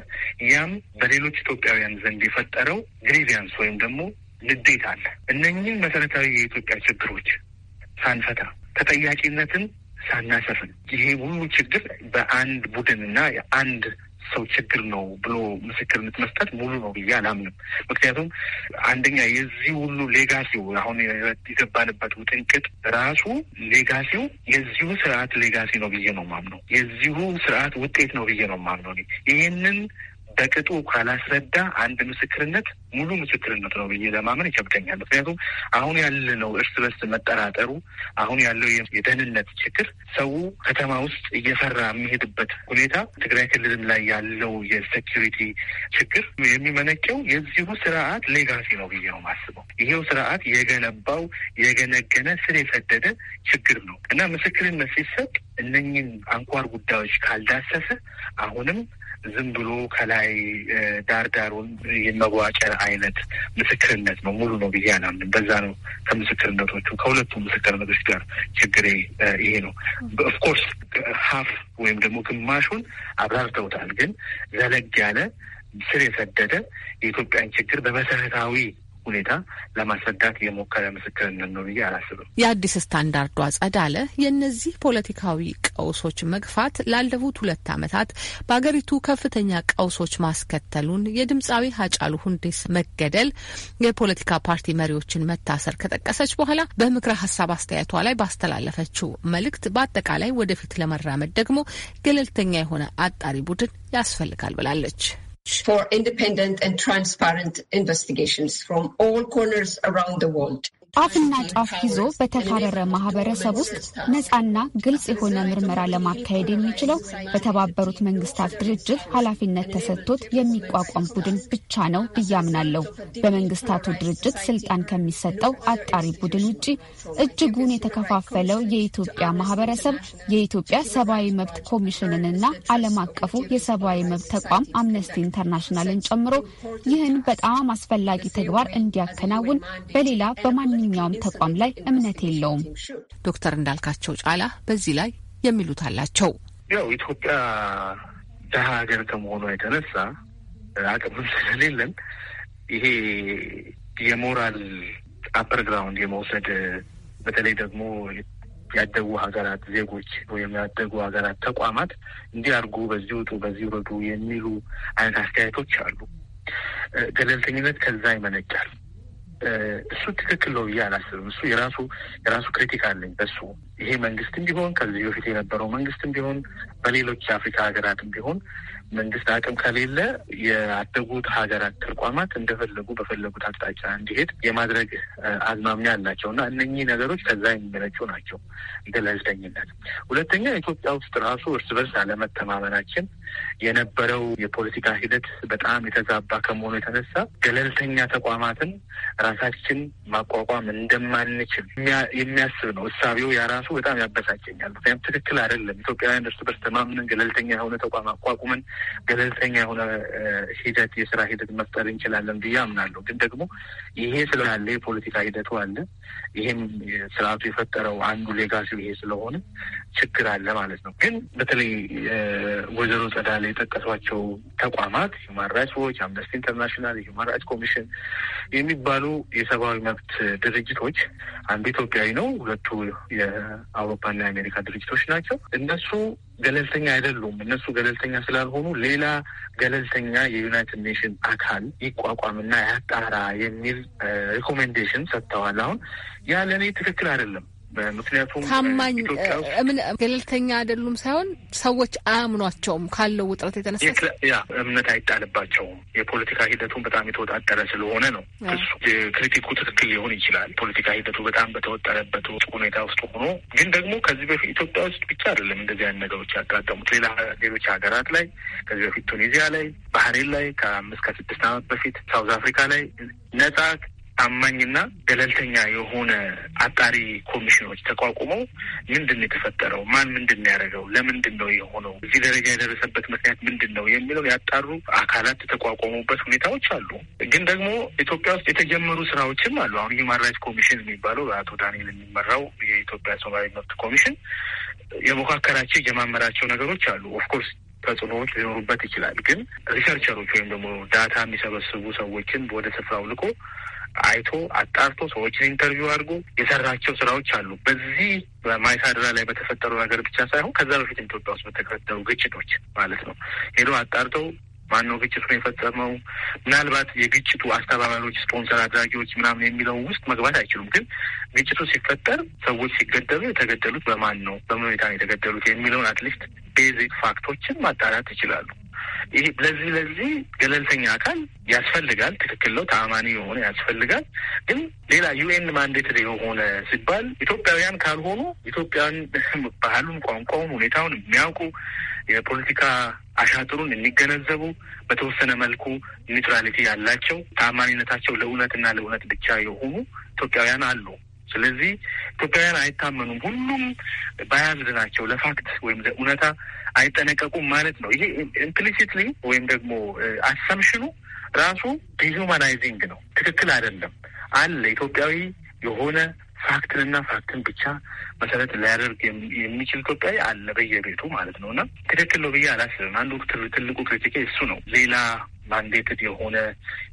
ያም በሌሎች ኢትዮጵያውያን ዘንድ የፈጠረው ግሪቪያንስ ወይም ደግሞ ንዴት አለ። እነኚህን መሰረታዊ የኢትዮጵያ ችግሮች ሳንፈታ ተጠያቂነትን ሳናሰፍን ይሄ ሁሉ ችግር በአንድ ቡድን እና የአንድ ሰው ችግር ነው ብሎ ምስክርነት መስጠት ሙሉ ነው ብዬ አላምንም። ምክንያቱም አንደኛ የዚህ ሁሉ ሌጋሲው አሁን የገባንበት ውጥንቅጥ ራሱ ሌጋሲው የዚሁ ስርዓት ሌጋሲ ነው ብዬ ነው ማምነው። የዚሁ ስርዓት ውጤት ነው ብዬ ነው ማምነው። ይህንን በቅጡ ካላስረዳ አንድ ምስክርነት ሙሉ ምስክርነት ነው ብዬ ለማመን ይከብደኛል። ምክንያቱም አሁን ያለነው እርስ በርስ መጠራጠሩ፣ አሁን ያለው የደህንነት ችግር ሰው ከተማ ውስጥ እየፈራ የሚሄድበት ሁኔታ፣ ትግራይ ክልልም ላይ ያለው የሴኪሪቲ ችግር የሚመነጨው የዚሁ ስርዓት ሌጋሲ ነው ብዬ ነው ማስበው። ይሄው ስርዓት የገነባው የገነገነ ስር የሰደደ ችግር ነው እና ምስክርነት ሲሰጥ እነኝን አንኳር ጉዳዮች ካልዳሰሰ አሁንም ዝም ብሎ ከላይ ዳር ዳሩን የመዋጨር አይነት ምስክርነት ነው ሙሉ ነው ብዬ አላምንም። በዛ ነው ከምስክርነቶቹ ከሁለቱ ምስክርነቶች ጋር ችግሬ ይሄ ነው። ኦፍኮርስ ሀፍ ወይም ደግሞ ግማሹን አብራርተውታል። ግን ዘለግ ያለ ስር የሰደደ የኢትዮጵያን ችግር በመሰረታዊ ሁኔታ ለማስረዳት የሞከረ ምስክርነት ነው ብዬ አላስብም። የአዲስ ስታንዳርዷ ጸዳለ የእነዚህ ፖለቲካዊ ቀውሶች መግፋት ላለፉት ሁለት ዓመታት በአገሪቱ ከፍተኛ ቀውሶች ማስከተሉን፣ የድምፃዊ ሀጫሉ ሁንዴስ መገደል፣ የፖለቲካ ፓርቲ መሪዎችን መታሰር ከጠቀሰች በኋላ በምክረ ሀሳብ አስተያየቷ ላይ ባስተላለፈችው መልእክት በአጠቃላይ ወደፊት ለመራመድ ደግሞ ገለልተኛ የሆነ አጣሪ ቡድን ያስፈልጋል ብላለች። for independent and transparent investigations from all corners around the world. አፍና ጫፍ ይዞ በተካረረ ማህበረሰብ ውስጥ ነፃና ግልጽ የሆነ ምርመራ ለማካሄድ የሚችለው በተባበሩት መንግስታት ድርጅት ኃላፊነት ተሰጥቶት የሚቋቋም ቡድን ብቻ ነው ብያምናለሁ። በመንግስታቱ ድርጅት ስልጣን ከሚሰጠው አጣሪ ቡድን ውጪ እጅጉን የተከፋፈለው የኢትዮጵያ ማህበረሰብ የኢትዮጵያ ሰብአዊ መብት ኮሚሽንንና ዓለም አቀፉ የሰብአዊ መብት ተቋም አምነስቲ ኢንተርናሽናልን ጨምሮ ይህን በጣም አስፈላጊ ተግባር እንዲያከናውን በሌላ በማንኛውም ማንኛውም ተቋም ላይ እምነት የለውም። ዶክተር እንዳልካቸው ጫላ በዚህ ላይ የሚሉት አላቸው። ያው ኢትዮጵያ ድሀ ሀገር ከመሆኗ የተነሳ አቅምም ስለሌለን ይሄ የሞራል አፐር ግራውንድ የመውሰድ በተለይ ደግሞ ያደጉ ሀገራት ዜጎች ወይም ያደጉ ሀገራት ተቋማት እንዲህ አድርጉ፣ በዚህ ውጡ፣ በዚህ ውረዱ የሚሉ አይነት አስተያየቶች አሉ። ገለልተኝነት ከዛ ይመነጫል። እሱ ትክክል ነው ብዬ አላስብም። እሱ የራሱ የራሱ ክሪቲክ አለኝ በሱ ይሄ መንግስትም ቢሆን ከዚህ በፊት የነበረው መንግስትም ቢሆን በሌሎች የአፍሪካ ሀገራትም ቢሆን መንግስት አቅም ከሌለ የአደጉት ሀገራት ተቋማት እንደፈለጉ በፈለጉት አቅጣጫ እንዲሄድ የማድረግ አዝማሚያ አላቸው እና እነኚህ ነገሮች ከዛ የሚመነጩ ናቸው ገለልተኝነት። ሁለተኛ ኢትዮጵያ ውስጥ ራሱ እርስ በርስ አለመተማመናችን የነበረው የፖለቲካ ሂደት በጣም የተዛባ ከመሆኑ የተነሳ ገለልተኛ ተቋማትን ራሳችን ማቋቋም እንደማንችል የሚያስብ ነው እሳቤው። ያራሱ በጣም ያበሳጨኛል። ምክንያቱም ትክክል አይደለም። ኢትዮጵያውያን እርስ በርስ ተማምነን ገለልተኛ የሆነ ተቋም አቋቁመን ገለልተኛ የሆነ ሂደት የስራ ሂደት መፍጠር እንችላለን ብዬ አምናለሁ። ግን ደግሞ ይሄ ስላለ የፖለቲካ ሂደቱ አለ። ይሄም ስርዓቱ የፈጠረው አንዱ ሌጋሲው ይሄ ስለሆነ ችግር አለ ማለት ነው። ግን በተለይ ወይዘሮ ጸዳል የጠቀሷቸው ተቋማት ሂውማን ራይትስ ዎች፣ አምነስቲ ኢንተርናሽናል፣ ሂውማን ራይትስ ኮሚሽን የሚባሉ የሰብአዊ መብት ድርጅቶች አንዱ ኢትዮጵያዊ ነው፣ ሁለቱ የአውሮፓና የአሜሪካ ድርጅቶች ናቸው። እነሱ ገለልተኛ አይደሉም። እነሱ ገለልተኛ ስላልሆኑ ሌላ ገለልተኛ የዩናይትድ ኔሽን አካል ይቋቋምና ያጣራ የሚል ሪኮሜንዴሽን ሰጥተዋል። አሁን ያ ለእኔ ትክክል አይደለም። ምክንያቱም ታማኝ ገለልተኛ አይደሉም ሳይሆን ሰዎች አያምኗቸውም ካለው ውጥረት የተነሳ ያ እምነት አይጣልባቸውም። የፖለቲካ ሂደቱን በጣም የተወጣጠረ ስለሆነ ነው። ክሪቲኩ ትክክል ሊሆን ይችላል። ፖለቲካ ሂደቱ በጣም በተወጠረበት ሁኔታ ውስጥ ሆኖ ግን ደግሞ ከዚህ በፊት ኢትዮጵያ ውስጥ ብቻ አይደለም እንደዚህ አይነት ነገሮች ያጋጠሙት ሌላ ሌሎች ሀገራት ላይ ከዚህ በፊት ቱኒዚያ ላይ፣ ባህሬን ላይ ከአምስት ከስድስት ዓመት በፊት ሳውዝ አፍሪካ ላይ ነጻ አማኝና ገለልተኛ የሆነ አጣሪ ኮሚሽኖች ተቋቁመው ምንድን ነው የተፈጠረው፣ ማን ምንድን ነው ያደረገው፣ ለምንድን ነው የሆነው፣ እዚህ ደረጃ የደረሰበት ምክንያት ምንድን ነው የሚለው ያጣሩ አካላት የተቋቋሙበት ሁኔታዎች አሉ። ግን ደግሞ ኢትዮጵያ ውስጥ የተጀመሩ ስራዎችም አሉ። አሁን ሂውማን ራይትስ ኮሚሽን የሚባለው በአቶ ዳንኤል የሚመራው የኢትዮጵያ ሰብአዊ መብት ኮሚሽን የሞካከራቸው የጀማመራቸው ነገሮች አሉ። ኦፍኮርስ ተጽዕኖዎች ሊኖሩበት ይችላል። ግን ሪሰርቸሮች ወይም ደግሞ ዳታ የሚሰበስቡ ሰዎችን ወደ ስፍራው ልቆ አይቶ አጣርቶ ሰዎችን ኢንተርቪው አድርጎ የሰራቸው ስራዎች አሉ። በዚህ በማይሳድራ ላይ በተፈጠሩ ነገር ብቻ ሳይሆን ከዛ በፊት ኢትዮጵያ ውስጥ በተፈጠሩ ግጭቶች ማለት ነው ሄዶ አጣርተው ማነው ግጭቱን የፈጸመው? ምናልባት የግጭቱ አስተባባሪዎች፣ ስፖንሰር አድራጊዎች ምናምን የሚለው ውስጥ መግባት አይችሉም። ግን ግጭቱ ሲፈጠር ሰዎች ሲገደሉ የተገደሉት በማን ነው፣ በምን ሁኔታ ነው የተገደሉት የሚለውን አትሊስት ቤዚክ ፋክቶችን ማጣራት ይችላሉ። ይህ ለዚህ ለዚህ ገለልተኛ አካል ያስፈልጋል። ትክክል ነው። ተአማኒ የሆነ ያስፈልጋል። ግን ሌላ ዩኤን ማንዴት የሆነ ሲባል ኢትዮጵያውያን ካልሆኑ ኢትዮጵያን ባህሉን፣ ቋንቋውን፣ ሁኔታውን የሚያውቁ የፖለቲካ አሻጥሩን የሚገነዘቡ በተወሰነ መልኩ ኒውትራሊቲ ያላቸው ተአማኒነታቸው ለእውነትና ለእውነት ብቻ የሆኑ ኢትዮጵያውያን አሉ። ስለዚህ ኢትዮጵያውያን አይታመኑም፣ ሁሉም ባያዝድ ናቸው፣ ለፋክት ወይም ለእውነታ አይጠነቀቁም ማለት ነው። ይሄ ኢምፕሊሲትሊ ወይም ደግሞ አሰምሽኑ ራሱ ዲሁማናይዚንግ ነው፣ ትክክል አይደለም። አለ ኢትዮጵያዊ የሆነ ፋክትንና ፋክትን ብቻ መሰረት ሊያደርግ የሚችል ኢትዮጵያዊ አለ በየቤቱ ማለት ነው። እና ትክክል ነው ብዬ አላስብም። አንዱ ትልቁ ክሪቲኬ እሱ ነው። ሌላ ማንዴትድ የሆነ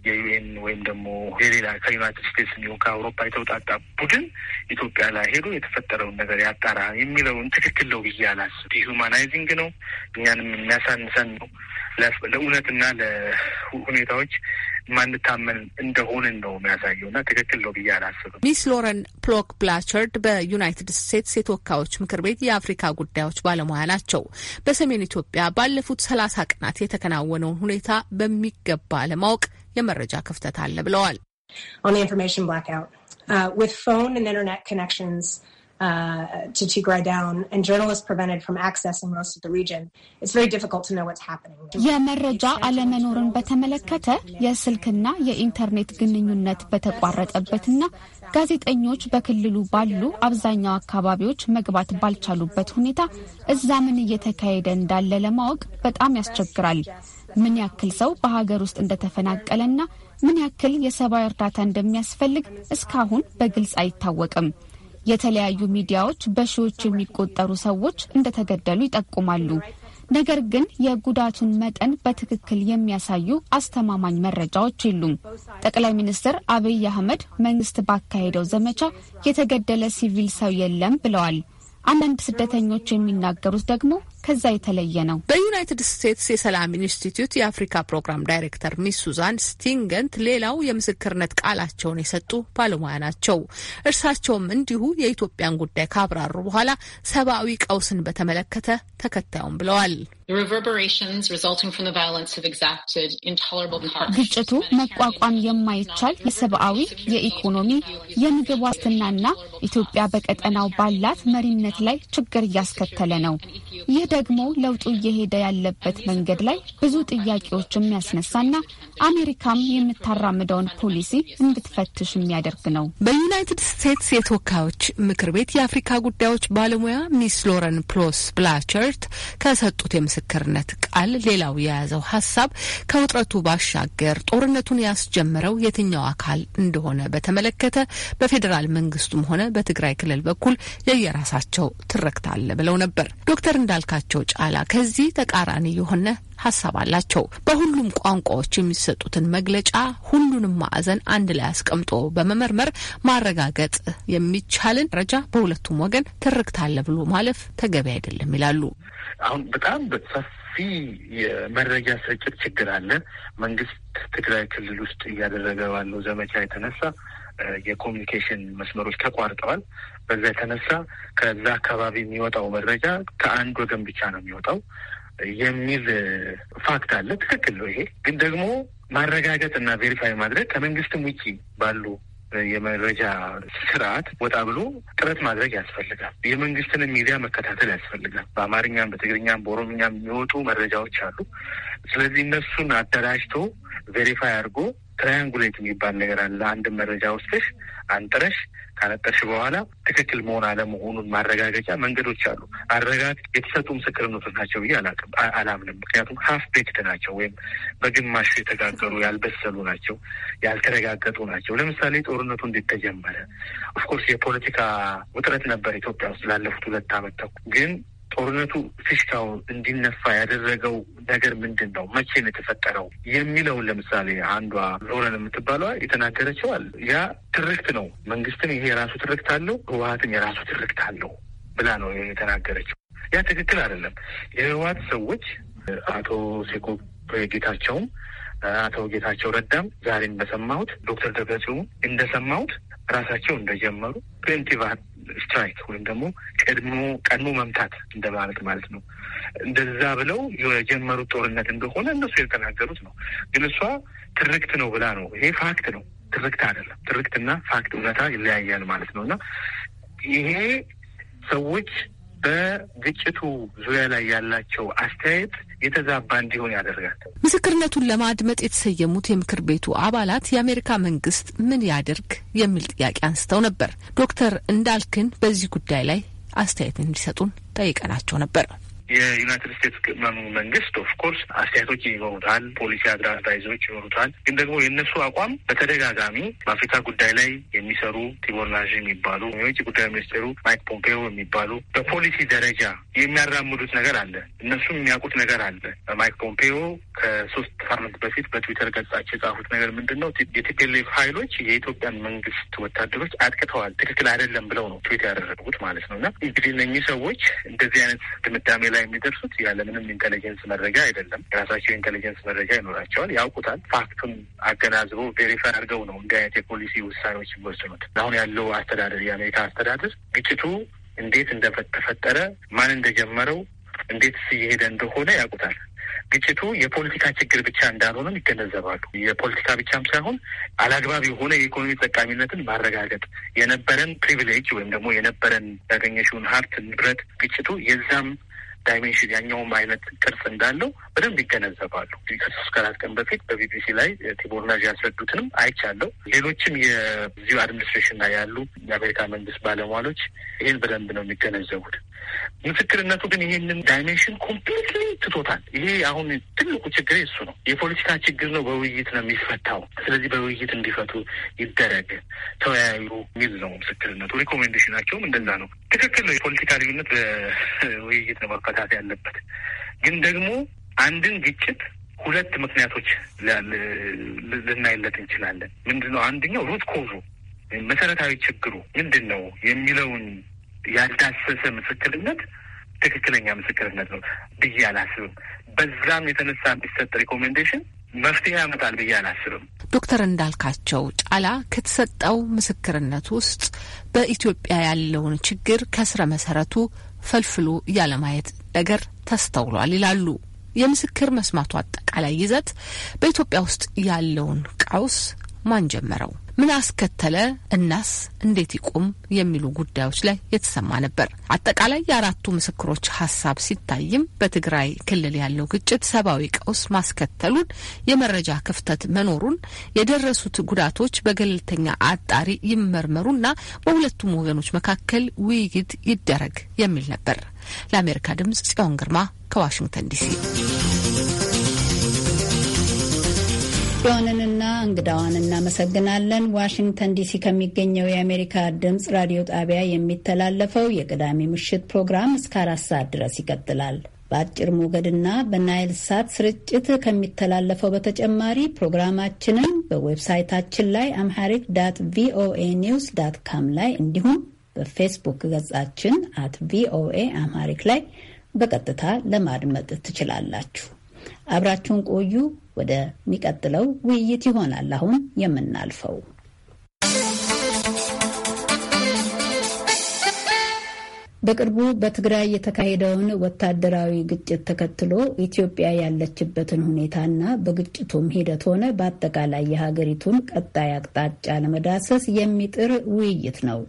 የዩኤን ወይም ደግሞ የሌላ ከዩናይትድ ስቴትስ እንዲሁም ከአውሮፓ የተውጣጣ ቡድን ኢትዮጵያ ላይ ሄዶ የተፈጠረውን ነገር ያጣራ የሚለውን ትክክል ነው ብዬ አላስብ። ዲሁማናይዚንግ ነው፣ እኛንም የሚያሳንሰን ነው። ለእውነትና ለሁኔታዎች ማንታመን እንደሆንን ነው የሚያሳየው እና ትክክል ነው ብዬ አላስብም። ሚስ ሎረን ፕሎክ ብላቸርድ በዩናይትድ ስቴትስ የተወካዮች ምክር ቤት የአፍሪካ ጉዳዮች ባለሙያ ናቸው። በሰሜን ኢትዮጵያ ባለፉት ሰላሳ ቀናት የተከናወነውን ሁኔታ በሚገባ ለማወቅ የመረጃ ክፍተት አለ ብለዋል። On the information blackout, uh, with phone and internet connections uh, to Tigray down and journalists prevented from accessing most of the region, it's very difficult to know what's happening. የመረጃ አለመኖርን በተመለከተ የስልክና የኢንተርኔት ግንኙነት በተቋረጠበትና ጋዜጠኞች በክልሉ ባሉ አብዛኛው አካባቢዎች መግባት ባልቻሉበት ሁኔታ እዛ ምን እየተካሄደ እንዳለ ለማወቅ በጣም ያስቸግራል። ምን ያክል ሰው በሀገር ውስጥ እንደተፈናቀለና ምን ያክል የሰብአዊ እርዳታ እንደሚያስፈልግ እስካሁን በግልጽ አይታወቅም። የተለያዩ ሚዲያዎች በሺዎች የሚቆጠሩ ሰዎች እንደተገደሉ ይጠቁማሉ። ነገር ግን የጉዳቱን መጠን በትክክል የሚያሳዩ አስተማማኝ መረጃዎች የሉም። ጠቅላይ ሚኒስትር አብይ አህመድ መንግስት ባካሄደው ዘመቻ የተገደለ ሲቪል ሰው የለም ብለዋል። አንዳንድ ስደተኞች የሚናገሩት ደግሞ ከዛ የተለየ ነው። በዩናይትድ ስቴትስ የሰላም ኢንስቲትዩት የአፍሪካ ፕሮግራም ዳይሬክተር ሚስ ሱዛን ስቲንገንት ሌላው የምስክርነት ቃላቸውን የሰጡ ባለሙያ ናቸው። እርሳቸውም እንዲሁ የኢትዮጵያን ጉዳይ ካብራሩ በኋላ ሰብአዊ ቀውስን በተመለከተ ተከታዩም ብለዋል። ግጭቱ መቋቋም የማይቻል የሰብአዊ፣ የኢኮኖሚ፣ የምግብ ዋስትናና ኢትዮጵያ በቀጠናው ባላት መሪነት ላይ ችግር እያስከተለ ነው። ይህ ደግሞ ለውጡ እየሄደ ያለበት መንገድ ላይ ብዙ ጥያቄዎች የሚያስነሳና አሜሪካም የምታራምደውን ፖሊሲ እንድትፈትሽ የሚያደርግ ነው። በዩናይትድ ስቴትስ የተወካዮች ምክር ቤት የአፍሪካ ጉዳዮች ባለሙያ ሚስ ሎረን ፕሎስ ብላቸርት ከሰጡት የምስ የምስክርነት ቃል ሌላው የያዘው ሀሳብ ከውጥረቱ ባሻገር ጦርነቱን ያስጀመረው የትኛው አካል እንደሆነ በተመለከተ በፌዴራል መንግስቱም ሆነ በትግራይ ክልል በኩል የየራሳቸው ትረክታለ ብለው ነበር። ዶክተር እንዳልካቸው ጫላ ከዚህ ተቃራኒ የሆነ ሀሳብ አላቸው። በሁሉም ቋንቋዎች የሚሰጡትን መግለጫ ሁሉንም ማዕዘን አንድ ላይ አስቀምጦ በመመርመር ማረጋገጥ የሚቻልን ደረጃ በሁለቱም ወገን ትርክት አለ ብሎ ማለፍ ተገቢ አይደለም ይላሉ። አሁን በጣም ሰፊ የመረጃ ስርጭት ችግር አለ። መንግስት ትግራይ ክልል ውስጥ እያደረገ ባለው ዘመቻ የተነሳ የኮሚኒኬሽን መስመሮች ተቋርጠዋል። በዛ የተነሳ ከዛ አካባቢ የሚወጣው መረጃ ከአንድ ወገን ብቻ ነው የሚወጣው። የሚል ፋክት አለ። ትክክል ነው። ይሄ ግን ደግሞ ማረጋገጥ እና ቬሪፋይ ማድረግ ከመንግስትም ውጭ ባሉ የመረጃ ስርዓት ወጣ ብሎ ጥረት ማድረግ ያስፈልጋል። የመንግስትንም ሚዲያ መከታተል ያስፈልጋል። በአማርኛም፣ በትግርኛም፣ በኦሮምኛም የሚወጡ መረጃዎች አሉ። ስለዚህ እነሱን አደራጅቶ ቬሪፋይ አድርጎ ትራያንጉሌት የሚባል ነገር አለ። አንድን መረጃ ውስጥሽ አንጥረሽ ካነጠርሽ በኋላ ትክክል መሆን አለመሆኑን ማረጋገጫ መንገዶች አሉ። አረጋግ የተሰጡ ምስክርነቶች ናቸው ብዬ አላምንም። ምክንያቱም ሀፍ ቤክት ናቸው ወይም በግማሹ የተጋገሩ ያልበሰሉ ናቸው፣ ያልተረጋገጡ ናቸው። ለምሳሌ ጦርነቱ እንዴት ተጀመረ? ኦፍኮርስ የፖለቲካ ውጥረት ነበር ኢትዮጵያ ውስጥ ላለፉት ሁለት ዓመት ተኩል ግን ጦርነቱ ፊሽካውን እንዲነፋ ያደረገው ነገር ምንድን ነው? መቼ ነው የተፈጠረው? የሚለውን ለምሳሌ አንዷ ሎረን የምትባለዋ የተናገረችው አለ። ያ ትርክት ነው። መንግስትን ይሄ የራሱ ትርክት አለው፣ ህወሀትን የራሱ ትርክት አለው ብላ ነው የተናገረችው። ያ ትክክል አይደለም። የህወሀት ሰዎች አቶ ሴኮ ጌታቸውም አቶ ጌታቸው ረዳም ዛሬ እንደሰማሁት ዶክተር ደብረጽዮን እንደሰማሁት ራሳቸው እንደጀመሩ ፕሪኤምፕቲቭ ስትራይክ ወይም ደግሞ ቀድሞ ቀድሞ መምታት እንደማለት ማለት ነው። እንደዛ ብለው የጀመሩት ጦርነት እንደሆነ እነሱ የተናገሩት ነው። ግን እሷ ትርክት ነው ብላ ነው። ይሄ ፋክት ነው፣ ትርክት አይደለም። ትርክትና ፋክት እውነታ ይለያያል ማለት ነው እና ይሄ ሰዎች በግጭቱ ዙሪያ ላይ ያላቸው አስተያየት የተዛባ እንዲሆን ያደርጋል። ምስክርነቱን ለማድመጥ የተሰየሙት የምክር ቤቱ አባላት የአሜሪካ መንግስት ምን ያደርግ የሚል ጥያቄ አንስተው ነበር። ዶክተር እንዳልክን በዚህ ጉዳይ ላይ አስተያየት እንዲሰጡን ጠይቀናቸው ነበር። የዩናይትድ ስቴትስ መንግስት ኦፍኮርስ አስተያየቶች ይኖሩታል፣ ፖሊሲ አድራታይዞች ይኖሩታል። ግን ደግሞ የእነሱ አቋም በተደጋጋሚ በአፍሪካ ጉዳይ ላይ የሚሰሩ ቲቦር ናዥ የሚባሉ የውጭ ጉዳይ ሚኒስቴሩ ማይክ ፖምፔዮ የሚባሉ በፖሊሲ ደረጃ የሚያራምዱት ነገር አለ። እነሱም የሚያውቁት ነገር አለ። ማይክ ፖምፔዮ ከሶስት ሳምንት በፊት በትዊተር ገጻቸው የጻፉት ነገር ምንድን ነው? የቲፒኤልኤፍ ኃይሎች የኢትዮጵያን መንግስት ወታደሮች አጥቅተዋል፣ ትክክል አይደለም ብለው ነው ትዊት ያደረጉት ማለት ነው። እና እንግዲህ እነኚህ ሰዎች እንደዚህ አይነት ድምዳሜ ላይ ላይ የሚደርሱት ያለምንም ኢንቴሊጀንስ መረጃ አይደለም። የራሳቸው ኢንቴሊጀንስ መረጃ ይኖራቸዋል፣ ያውቁታል። ፋክቱን አገናዝበው ቬሪፋይ አድርገው ነው እንዲህ አይነት የፖሊሲ ውሳኔዎች የሚወስኑት። አሁን ያለው አስተዳደር የአሜሪካ አስተዳደር ግጭቱ እንዴት እንደተፈጠረ፣ ማን እንደጀመረው፣ እንዴት እየሄደ እንደሆነ ያውቁታል። ግጭቱ የፖለቲካ ችግር ብቻ እንዳልሆነም ይገነዘባሉ። የፖለቲካ ብቻም ሳይሆን አላግባብ የሆነ የኢኮኖሚ ጠቃሚነትን ማረጋገጥ የነበረን ፕሪቪሌጅ ወይም ደግሞ የነበረን ያገኘሽውን ሀብት ንብረት ግጭቱ የዛም ዳይሜንሽን ያኛውም አይነት ቅርጽ እንዳለው በደንብ ይገነዘባሉ። ከሶስት ከአራት ቀን በፊት በቢቢሲ ላይ ቲቦርናዥ ያስረዱትንም አይቻለሁ። ሌሎችም የዚሁ አድሚኒስትሬሽን ላይ ያሉ የአሜሪካ መንግስት ባለሟሎች ይህን በደንብ ነው የሚገነዘቡት። ምስክርነቱ ግን ይህንን ዳይሜንሽን ኮምፕሊትሊ ትቶታል። ይሄ አሁን ትልቁ ችግር እሱ ነው። የፖለቲካ ችግር ነው፣ በውይይት ነው የሚፈታው። ስለዚህ በውይይት እንዲፈቱ ይደረግ፣ ተወያዩ የሚል ነው ምስክርነቱ። ሪኮሜንዴሽናቸውም እንደዛ ነው። ትክክል ነው። የፖለቲካ ልዩነት በውይይት ነው መፈታ መፈታት ያለበት ግን ደግሞ አንድን ግጭት ሁለት ምክንያቶች ልናይለት እንችላለን። ምንድን ነው አንደኛው ሩት ኮዙ መሰረታዊ ችግሩ ምንድን ነው የሚለውን ያልዳሰሰ ምስክርነት ትክክለኛ ምስክርነት ነው ብዬ አላስብም። በዛም የተነሳ የሚሰጥ ሪኮሜንዴሽን መፍትሄ ያመጣል ብዬ አላስብም። ዶክተር እንዳልካቸው ጫላ ከተሰጠው ምስክርነት ውስጥ በኢትዮጵያ ያለውን ችግር ከስረ መሰረቱ ፈልፍሎ ያለማየት ነገር ተስተውሏል ይላሉ። የምስክር መስማቱ አጠቃላይ ይዘት በኢትዮጵያ ውስጥ ያለውን ቀውስ ማን ጀመረው? ምን አስከተለ እናስ እንዴት ይቁም የሚሉ ጉዳዮች ላይ የተሰማ ነበር። አጠቃላይ የአራቱ ምስክሮች ሀሳብ ሲታይም በትግራይ ክልል ያለው ግጭት ሰብአዊ ቀውስ ማስከተሉን፣ የመረጃ ክፍተት መኖሩን፣ የደረሱት ጉዳቶች በገለልተኛ አጣሪ ይመርመሩና በሁለቱም ወገኖች መካከል ውይይት ይደረግ የሚል ነበር። ለአሜሪካ ድምጽ ጽዮን ግርማ ከዋሽንግተን ዲሲ ጽዮንንና እንግዳዋን እናመሰግናለን። ዋሽንግተን ዲሲ ከሚገኘው የአሜሪካ ድምፅ ራዲዮ ጣቢያ የሚተላለፈው የቅዳሜ ምሽት ፕሮግራም እስከ አራት ሰዓት ድረስ ይቀጥላል። በአጭር ሞገድና በናይል ሳት ስርጭት ከሚተላለፈው በተጨማሪ ፕሮግራማችንን በዌብሳይታችን ላይ አምሐሪክ ዳት ቪኦኤ ኒውስ ዳት ካም ላይ እንዲሁም በፌስቡክ ገጻችን አት ቪኦኤ አምሐሪክ ላይ በቀጥታ ለማድመጥ ትችላላችሁ። አብራችሁን ቆዩ። ወደሚቀጥለው ውይይት ይሆናል አሁን የምናልፈው። በቅርቡ በትግራይ የተካሄደውን ወታደራዊ ግጭት ተከትሎ ኢትዮጵያ ያለችበትን ሁኔታና በግጭቱም ሂደት ሆነ በአጠቃላይ የሀገሪቱን ቀጣይ አቅጣጫ ለመዳሰስ የሚጥር ውይይት ነው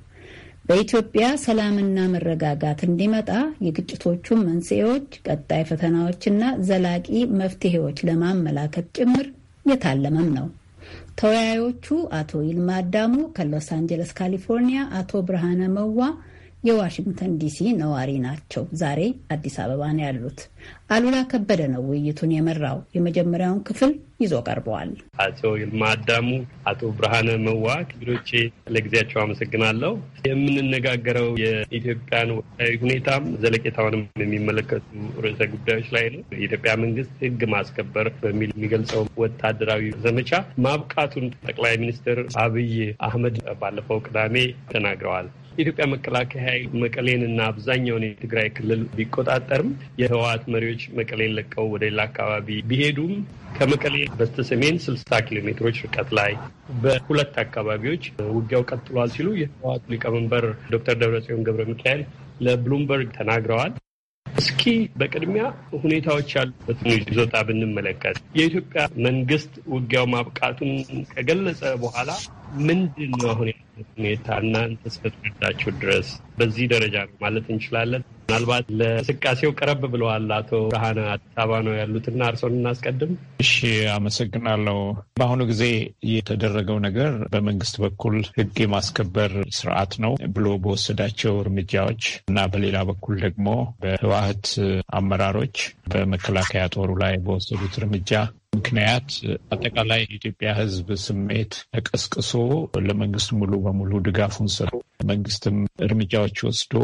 በኢትዮጵያ ሰላምና መረጋጋት እንዲመጣ የግጭቶቹን መንስኤዎች፣ ቀጣይ ፈተናዎችና ዘላቂ መፍትሄዎች ለማመላከት ጭምር የታለመም ነው። ተወያዮቹ አቶ ይልማ አዳሙ ከሎስ አንጀለስ ካሊፎርኒያ፣ አቶ ብርሃነ መዋ የዋሽንግተን ዲሲ ነዋሪ ናቸው። ዛሬ አዲስ አበባ ነው ያሉት። አሉላ ከበደ ነው ውይይቱን የመራው። የመጀመሪያውን ክፍል ይዞ ቀርበዋል። አቶ ይልማ አዳሙ፣ አቶ ብርሃነ መዋ ክብሮቼ ለጊዜያቸው አመሰግናለሁ። የምንነጋገረው የኢትዮጵያን ወቅታዊ ሁኔታም ዘለቄታውንም የሚመለከቱ ርዕሰ ጉዳዮች ላይ ነው። የኢትዮጵያ መንግስት ሕግ ማስከበር በሚል የሚገልጸው ወታደራዊ ዘመቻ ማብቃቱን ጠቅላይ ሚኒስትር አብይ አህመድ ባለፈው ቅዳሜ ተናግረዋል። የኢትዮጵያ መከላከያ ኃይል መቀሌንና አብዛኛውን የትግራይ ክልል ቢቆጣጠርም የህወሓት መሪዎች መቀሌን ለቀው ወደ ሌላ አካባቢ ቢሄዱም ከመቀሌ በስተሰሜን 60 ኪሎ ሜትሮች ርቀት ላይ በሁለት አካባቢዎች ውጊያው ቀጥሏል ሲሉ የህወሓቱ ሊቀመንበር ዶክተር ደብረጽዮን ገብረ ሚካኤል ለብሉምበርግ ተናግረዋል። እስኪ በቅድሚያ ሁኔታዎች ያሉበትን ይዞታ ብንመለከት የኢትዮጵያ መንግስት ውጊያው ማብቃቱን ከገለጸ በኋላ ምንድን ነው አሁን ሁኔታ እናንተ እስከተረዳችሁ ድረስ በዚህ ደረጃ ነው ማለት እንችላለን? ምናልባት ለእንቅስቃሴው ቀረብ ብለዋል አቶ ብርሃነ አዲስ አበባ ነው ያሉትና እርሶን እናስቀድም። እሺ፣ አመሰግናለሁ። በአሁኑ ጊዜ የተደረገው ነገር በመንግስት በኩል ህግ የማስከበር ስርዓት ነው ብሎ በወሰዳቸው እርምጃዎች እና በሌላ በኩል ደግሞ በህዋህት አመራሮች በመከላከያ ጦሩ ላይ በወሰዱት እርምጃ ምክንያት አጠቃላይ የኢትዮጵያ ሕዝብ ስሜት ተቀስቅሶ ለመንግስት ሙሉ በሙሉ ድጋፉን ሰጥቶ መንግስትም እርምጃዎች ወስዶ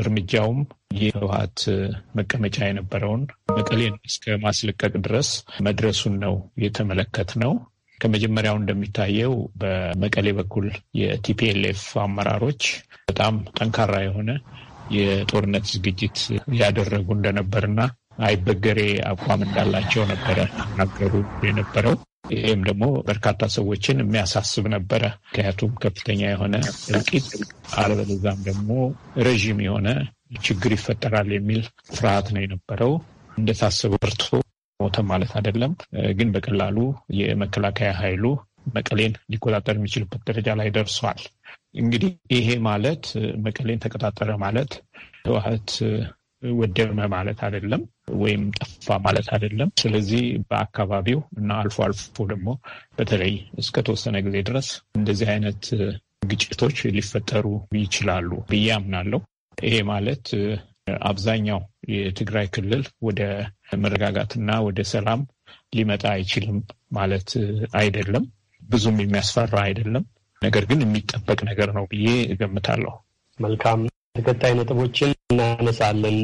እርምጃውም የህወሀት መቀመጫ የነበረውን መቀሌን እስከ ማስለቀቅ ድረስ መድረሱን ነው የተመለከት ነው። ከመጀመሪያው እንደሚታየው በመቀሌ በኩል የቲፒኤልኤፍ አመራሮች በጣም ጠንካራ የሆነ የጦርነት ዝግጅት ያደረጉ እንደነበርና አይበገሬ አቋም እንዳላቸው ነበረ ናገሩ የነበረው። ይህም ደግሞ በርካታ ሰዎችን የሚያሳስብ ነበረ። ምክንያቱም ከፍተኛ የሆነ እልቂት አለበለዛም ደግሞ ረዥም የሆነ ችግር ይፈጠራል የሚል ፍርሃት ነው የነበረው። እንደታሰበ በርቶ ሞተ ማለት አይደለም፣ ግን በቀላሉ የመከላከያ ኃይሉ መቀሌን ሊቆጣጠር የሚችልበት ደረጃ ላይ ደርሷል። እንግዲህ ይሄ ማለት መቀሌን ተቆጣጠረ ማለት ህወሓት ወደመ ማለት አይደለም ወይም ጠፋ ማለት አይደለም። ስለዚህ በአካባቢው እና አልፎ አልፎ ደግሞ በተለይ እስከ ተወሰነ ጊዜ ድረስ እንደዚህ አይነት ግጭቶች ሊፈጠሩ ይችላሉ ብዬ አምናለሁ። ይሄ ማለት አብዛኛው የትግራይ ክልል ወደ መረጋጋትና ወደ ሰላም ሊመጣ አይችልም ማለት አይደለም። ብዙም የሚያስፈራ አይደለም። ነገር ግን የሚጠበቅ ነገር ነው ብዬ እገምታለሁ። መልካም ተከታይ ነጥቦችን እናነሳለን።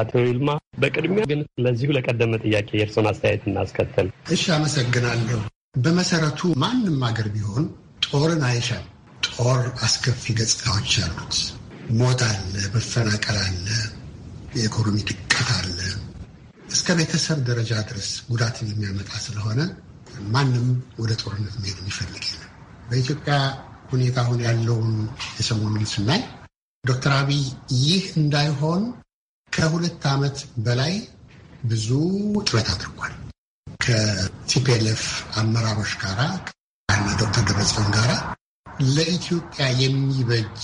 አቶ ይልማ፣ በቅድሚያ ግን ለዚሁ ለቀደመ ጥያቄ የእርስዎን አስተያየት እናስከተል። እሺ፣ አመሰግናለሁ። በመሰረቱ ማንም አገር ቢሆን ጦርን አይሻም። ጦር አስከፊ ገጽታዎች አሉት። ሞት አለ፣ መፈናቀል አለ፣ የኢኮኖሚ ድቀት አለ፣ እስከ ቤተሰብ ደረጃ ድረስ ጉዳት የሚያመጣ ስለሆነ ማንም ወደ ጦርነት መሄድ የሚፈልግ የለም። በኢትዮጵያ ሁኔታ አሁን ያለውን የሰሞኑን ስናይ ዶክተር አብይ ይህ እንዳይሆን ከሁለት ዓመት በላይ ብዙ ጥረት አድርጓል። ከቲፒኤልኤፍ አመራሮች ጋር ጋራ ዶክተር ደብረጽዮን ጋር ለኢትዮጵያ የሚበጅ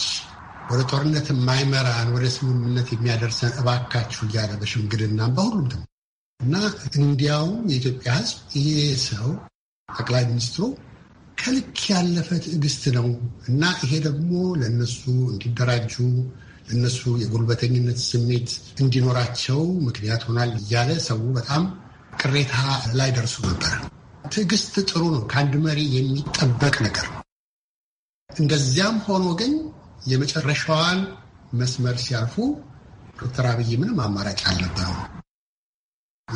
ወደ ጦርነት የማይመራን ወደ ስምምነት የሚያደርሰን እባካችሁ እያለ በሽምግልና በሁሉም ደግሞ እና እንዲያውም የኢትዮጵያ ሕዝብ ይሄ ሰው ጠቅላይ ሚኒስትሩ ከልክ ያለፈ ትዕግስት ነው እና ይሄ ደግሞ ለነሱ እንዲደራጁ ለነሱ የጉልበተኝነት ስሜት እንዲኖራቸው ምክንያት ሆናል እያለ ሰው በጣም ቅሬታ ላይ ደርሶ ነበር። ትዕግስት ጥሩ ነው፣ ከአንድ መሪ የሚጠበቅ ነገር ነው። እንደዚያም ሆኖ ግን የመጨረሻዋን መስመር ሲያልፉ ዶክተር አብይ ምንም አማራጭ አልነበረው።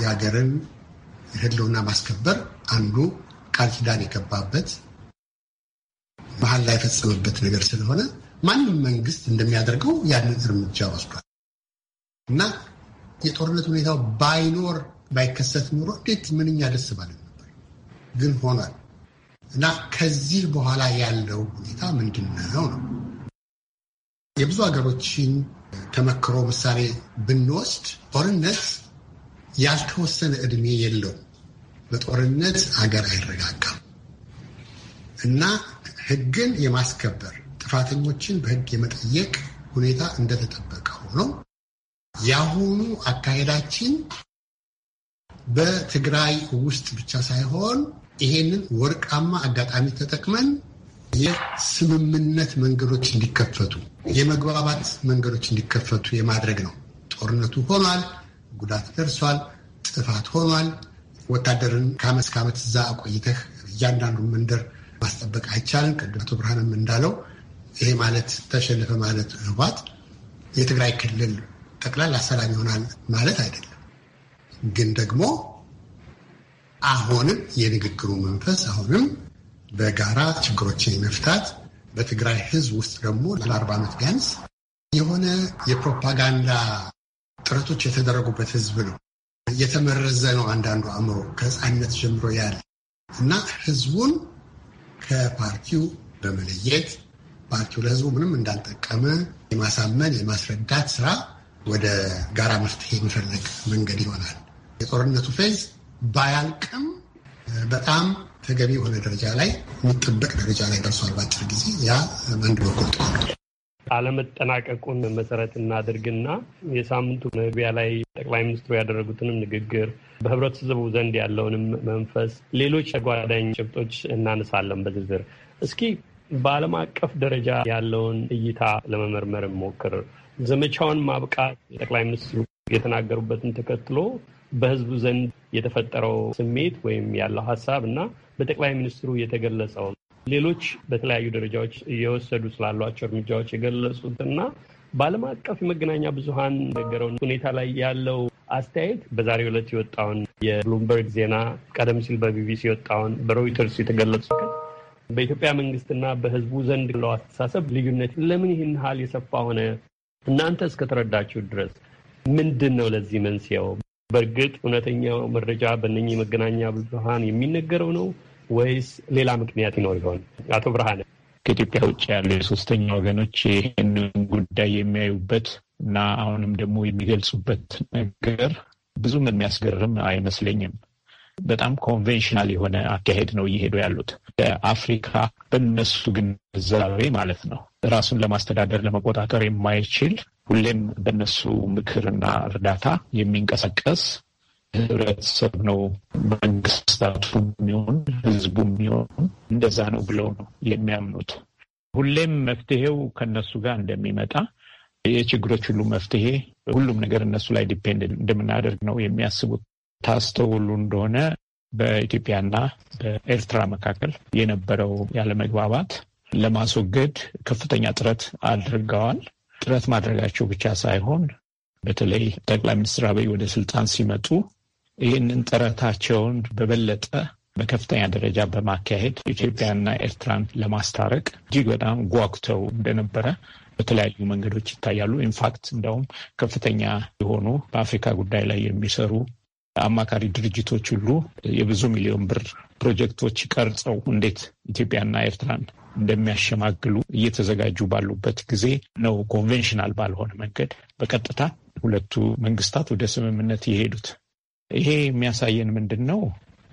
የሀገርን የህልውና ማስከበር አንዱ ቃል ኪዳን የገባበት መሀል ላይ የፈጸመበት ነገር ስለሆነ ማንም መንግስት እንደሚያደርገው ያንን እርምጃ ወስዷል እና የጦርነት ሁኔታው ባይኖር ባይከሰት ኑሮ እንዴት ምንኛ ደስ ባለ ነበር። ግን ሆኗል እና ከዚህ በኋላ ያለው ሁኔታ ምንድን ነው ነው የብዙ ሀገሮችን ተመክሮ ምሳሌ ብንወስድ ጦርነት ያልተወሰነ እድሜ የለውም። በጦርነት ሀገር አይረጋጋም እና ህግን የማስከበር ጥፋተኞችን በህግ የመጠየቅ ሁኔታ እንደተጠበቀ ሆኖ የአሁኑ አካሄዳችን በትግራይ ውስጥ ብቻ ሳይሆን ይሄንን ወርቃማ አጋጣሚ ተጠቅመን የስምምነት መንገዶች እንዲከፈቱ፣ የመግባባት መንገዶች እንዲከፈቱ የማድረግ ነው። ጦርነቱ ሆኗል፣ ጉዳት ደርሷል፣ ጥፋት ሆኗል። ወታደርን ከዓመት እስከ ዓመት እዛ አቆይተህ እያንዳንዱ መንደር ማስጠበቅ አይቻልም። ቅድም አቶ ብርሃንም እንዳለው ይሄ ማለት ተሸነፈ ማለት ህወሓት የትግራይ ክልል ጠቅላላ ሰላም ይሆናል ማለት አይደለም። ግን ደግሞ አሁንም የንግግሩ መንፈስ አሁንም በጋራ ችግሮችን የመፍታት በትግራይ ህዝብ ውስጥ ደግሞ ለአርባ ዓመት ቢያንስ የሆነ የፕሮፓጋንዳ ጥረቶች የተደረጉበት ህዝብ ነው። የተመረዘ ነው አንዳንዱ አእምሮ ከህፃንነት ጀምሮ ያለ እና ህዝቡን ከፓርቲው በመለየት ፓርቲው ለህዝቡ ምንም እንዳልጠቀመ የማሳመን የማስረዳት ስራ ወደ ጋራ መፍትሄ የሚፈልግ መንገድ ይሆናል። የጦርነቱ ፌዝ ባያልቅም በጣም ተገቢ የሆነ ደረጃ ላይ የሚጠበቅ ደረጃ ላይ ደርሷል። በአጭር ጊዜ ያ አንድ በኩል አለመጠናቀቁን መሰረት እናድርግና የሳምንቱ መግቢያ ላይ ጠቅላይ ሚኒስትሩ ያደረጉትንም ንግግር በህብረተሰቡ ዘንድ ያለውንም መንፈስ፣ ሌሎች ተጓዳኝ ጭብጦች እናነሳለን በዝርዝር። እስኪ በዓለም አቀፍ ደረጃ ያለውን እይታ ለመመርመር ሞክር። ዘመቻውን ማብቃት ጠቅላይ ሚኒስትሩ የተናገሩበትን ተከትሎ በህዝቡ ዘንድ የተፈጠረው ስሜት ወይም ያለው ሀሳብ እና በጠቅላይ ሚኒስትሩ የተገለጸው ሌሎች በተለያዩ ደረጃዎች እየወሰዱ ስላሏቸው እርምጃዎች የገለጹትና በዓለም አቀፍ የመገናኛ ብዙሀን ነገረውን ሁኔታ ላይ ያለው አስተያየት በዛሬው ዕለት የወጣውን የብሉምበርግ ዜና፣ ቀደም ሲል በቢቢሲ የወጣውን በሮይተርስ የተገለጹት በኢትዮጵያ መንግስትና በህዝቡ ዘንድ ለው አስተሳሰብ ልዩነት ለምን ይህን ሀል የሰፋ ሆነ? እናንተ እስከተረዳችሁ ድረስ ምንድን ነው ለዚህ መንስኤው? በእርግጥ እውነተኛው መረጃ በእነኚህ የመገናኛ ብዙሀን የሚነገረው ነው ወይስ ሌላ ምክንያት ይኖር ይሆን? አቶ ብርሃነ ከኢትዮጵያ ውጭ ያሉ የሶስተኛ ወገኖች ይህንን ጉዳይ የሚያዩበት እና አሁንም ደግሞ የሚገልጹበት ነገር ብዙም የሚያስገርም አይመስለኝም። በጣም ኮንቬንሽናል የሆነ አካሄድ ነው እየሄዱ ያሉት ከአፍሪካ በነሱ ግን ዘራዊ ማለት ነው ራሱን ለማስተዳደር ለመቆጣጠር የማይችል ሁሌም በነሱ ምክርና እርዳታ የሚንቀሳቀስ ህብረተሰብ ነው መንግስታቱ የሚሆን ህዝቡ የሚሆን እንደዛ ነው ብለው ነው የሚያምኑት። ሁሌም መፍትሄው ከነሱ ጋር እንደሚመጣ የችግሮች ሁሉ መፍትሄ ሁሉም ነገር እነሱ ላይ ዲፔንድ እንደምናደርግ ነው የሚያስቡት። ታስተውሉ እንደሆነ በኢትዮጵያና በኤርትራ መካከል የነበረው ያለመግባባት ለማስወገድ ከፍተኛ ጥረት አድርገዋል። ጥረት ማድረጋቸው ብቻ ሳይሆን በተለይ ጠቅላይ ሚኒስትር አብይ ወደ ስልጣን ሲመጡ ይህንን ጥረታቸውን በበለጠ በከፍተኛ ደረጃ በማካሄድ ኢትዮጵያና ኤርትራን ለማስታረቅ እጅግ በጣም ጓጉተው እንደነበረ በተለያዩ መንገዶች ይታያሉ። ኢንፋክት እንደውም ከፍተኛ የሆኑ በአፍሪካ ጉዳይ ላይ የሚሰሩ አማካሪ ድርጅቶች ሁሉ የብዙ ሚሊዮን ብር ፕሮጀክቶች ቀርጸው እንዴት ኢትዮጵያና ኤርትራን እንደሚያሸማግሉ እየተዘጋጁ ባሉበት ጊዜ ነው ኮንቬንሽናል ባልሆነ መንገድ በቀጥታ ሁለቱ መንግስታት ወደ ስምምነት የሄዱት። ይሄ የሚያሳየን ምንድን ነው?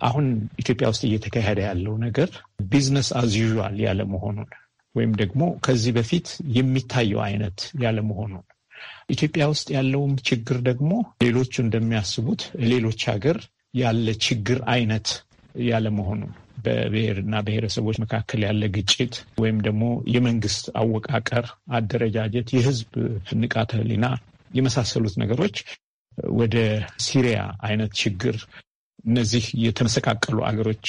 አሁን ኢትዮጵያ ውስጥ እየተካሄደ ያለው ነገር ቢዝነስ አዝ ዩዥዋል ያለመሆኑን ወይም ደግሞ ከዚህ በፊት የሚታየው አይነት ያለመሆኑ። ኢትዮጵያ ውስጥ ያለውም ችግር ደግሞ ሌሎቹ እንደሚያስቡት ሌሎች ሀገር ያለ ችግር አይነት በብሔር በብሔርና ብሔረሰቦች መካከል ያለ ግጭት ወይም ደግሞ የመንግስት አወቃቀር፣ አደረጃጀት፣ የህዝብ ንቃተ ህሊና የመሳሰሉት ነገሮች ወደ ሲሪያ አይነት ችግር እነዚህ የተመሰቃቀሉ አገሮች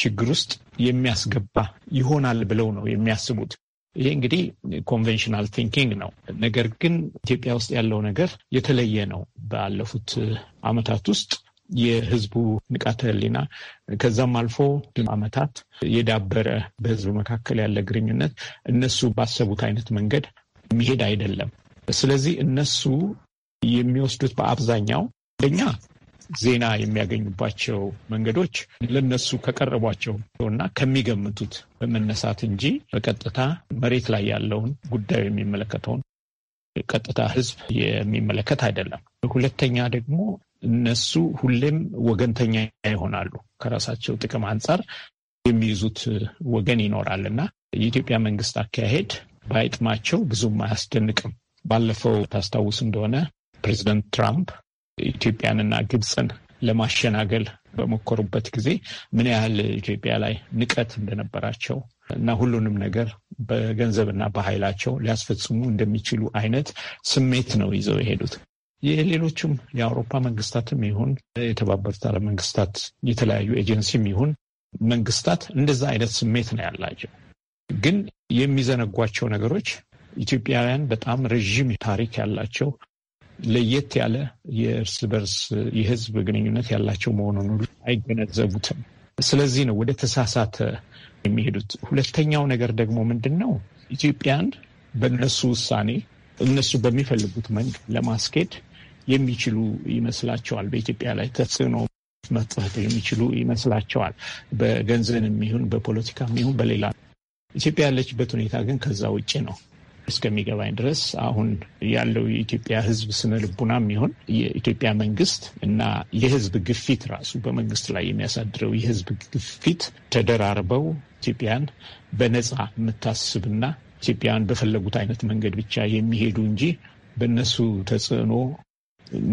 ችግር ውስጥ የሚያስገባ ይሆናል ብለው ነው የሚያስቡት። ይሄ እንግዲህ ኮንቬንሽናል ቲንኪንግ ነው። ነገር ግን ኢትዮጵያ ውስጥ ያለው ነገር የተለየ ነው። ባለፉት ዓመታት ውስጥ የህዝቡ ንቃተ ህሊና ከዛም አልፎ ዓመታት የዳበረ በህዝቡ መካከል ያለ ግንኙነት እነሱ ባሰቡት አይነት መንገድ መሄድ አይደለም። ስለዚህ እነሱ የሚወስዱት በአብዛኛው አንደኛ ዜና የሚያገኙባቸው መንገዶች ለነሱ ከቀረቧቸው እና ከሚገምቱት በመነሳት እንጂ በቀጥታ መሬት ላይ ያለውን ጉዳዩ የሚመለከተውን ቀጥታ ሕዝብ የሚመለከት አይደለም። ሁለተኛ ደግሞ እነሱ ሁሌም ወገንተኛ ይሆናሉ። ከራሳቸው ጥቅም አንጻር የሚይዙት ወገን ይኖራል እና የኢትዮጵያ መንግስት አካሄድ ባይጥማቸው ብዙም አያስደንቅም። ባለፈው ታስታውስ እንደሆነ ፕሬዚደንት ትራምፕ ኢትዮጵያንና ግብፅን ለማሸናገል በሞከሩበት ጊዜ ምን ያህል ኢትዮጵያ ላይ ንቀት እንደነበራቸው እና ሁሉንም ነገር በገንዘብና በኃይላቸው ሊያስፈጽሙ እንደሚችሉ አይነት ስሜት ነው ይዘው የሄዱት። የሌሎችም የአውሮፓ መንግስታትም ይሁን የተባበሩት አረብ መንግስታት የተለያዩ ኤጀንሲም ይሁን መንግስታት እንደዛ አይነት ስሜት ነው ያላቸው። ግን የሚዘነጓቸው ነገሮች ኢትዮጵያውያን በጣም ረዥም ታሪክ ያላቸው ለየት ያለ የእርስ በርስ የህዝብ ግንኙነት ያላቸው መሆኑን አይገነዘቡትም። ስለዚህ ነው ወደ ተሳሳተ የሚሄዱት። ሁለተኛው ነገር ደግሞ ምንድን ነው ኢትዮጵያን በእነሱ ውሳኔ እነሱ በሚፈልጉት መንገድ ለማስኬድ የሚችሉ ይመስላቸዋል። በኢትዮጵያ ላይ ተጽዕኖ መጥፋት የሚችሉ ይመስላቸዋል። በገንዘብም ይሁን በፖለቲካ ይሁን በሌላ ኢትዮጵያ ያለችበት ሁኔታ ግን ከዛ ውጭ ነው። እስከሚገባኝ ድረስ አሁን ያለው የኢትዮጵያ ሕዝብ ስነ ልቡና የሚሆን የኢትዮጵያ መንግስት እና የሕዝብ ግፊት ራሱ በመንግስት ላይ የሚያሳድረው የሕዝብ ግፊት ተደራርበው ኢትዮጵያን በነፃ የምታስብና ኢትዮጵያን በፈለጉት አይነት መንገድ ብቻ የሚሄዱ እንጂ በእነሱ ተጽዕኖ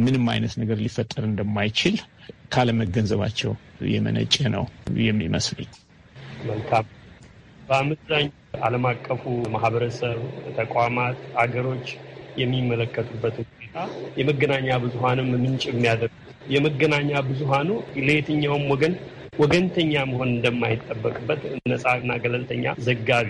ምንም አይነት ነገር ሊፈጠር እንደማይችል ካለመገንዘባቸው የመነጨ ነው የሚመስለኝ። መልካም በአመዛኝ ዓለም አቀፉ ማህበረሰብ፣ ተቋማት፣ አገሮች የሚመለከቱበት ሁኔታ የመገናኛ ብዙሀንም ምንጭ የሚያደርጉ የመገናኛ ብዙሀኑ ለየትኛውም ወገን ወገንተኛ መሆን እንደማይጠበቅበት ነፃና ገለልተኛ ዘጋቢ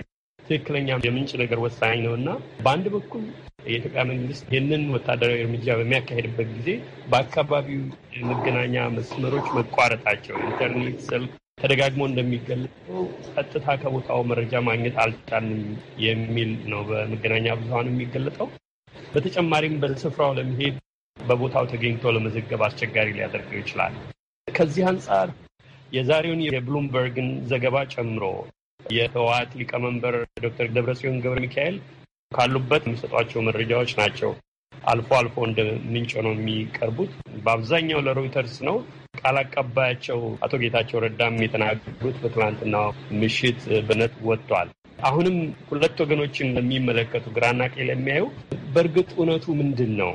ትክክለኛ የምንጭ ነገር ወሳኝ ነው እና በአንድ በኩል የኢትዮጵያ መንግስት ይህንን ወታደራዊ እርምጃ በሚያካሄድበት ጊዜ በአካባቢው የመገናኛ መስመሮች መቋረጣቸው ኢንተርኔት፣ ስልክ ተደጋግሞ እንደሚገለጸው ቀጥታ ከቦታው መረጃ ማግኘት አልቻልንም የሚል ነው በመገናኛ ብዙሀን የሚገለጠው። በተጨማሪም በስፍራው ለመሄድ በቦታው ተገኝቶ ለመዘገብ አስቸጋሪ ሊያደርገው ይችላል። ከዚህ አንጻር የዛሬውን የብሉምበርግን ዘገባ ጨምሮ የህወሓት ሊቀመንበር ዶክተር ደብረጽዮን ገብረ ሚካኤል ካሉበት የሚሰጧቸው መረጃዎች ናቸው። አልፎ አልፎ እንደ ምንጭ ነው የሚቀርቡት። በአብዛኛው ለሮይተርስ ነው። ቃል አቀባያቸው አቶ ጌታቸው ረዳም የተናገሩት በትናንትና ምሽት በነት ወጥቷል። አሁንም ሁለት ወገኖችን ለሚመለከቱ ግራና ቀኝ ለሚያዩ በእርግጥ እውነቱ ምንድን ነው?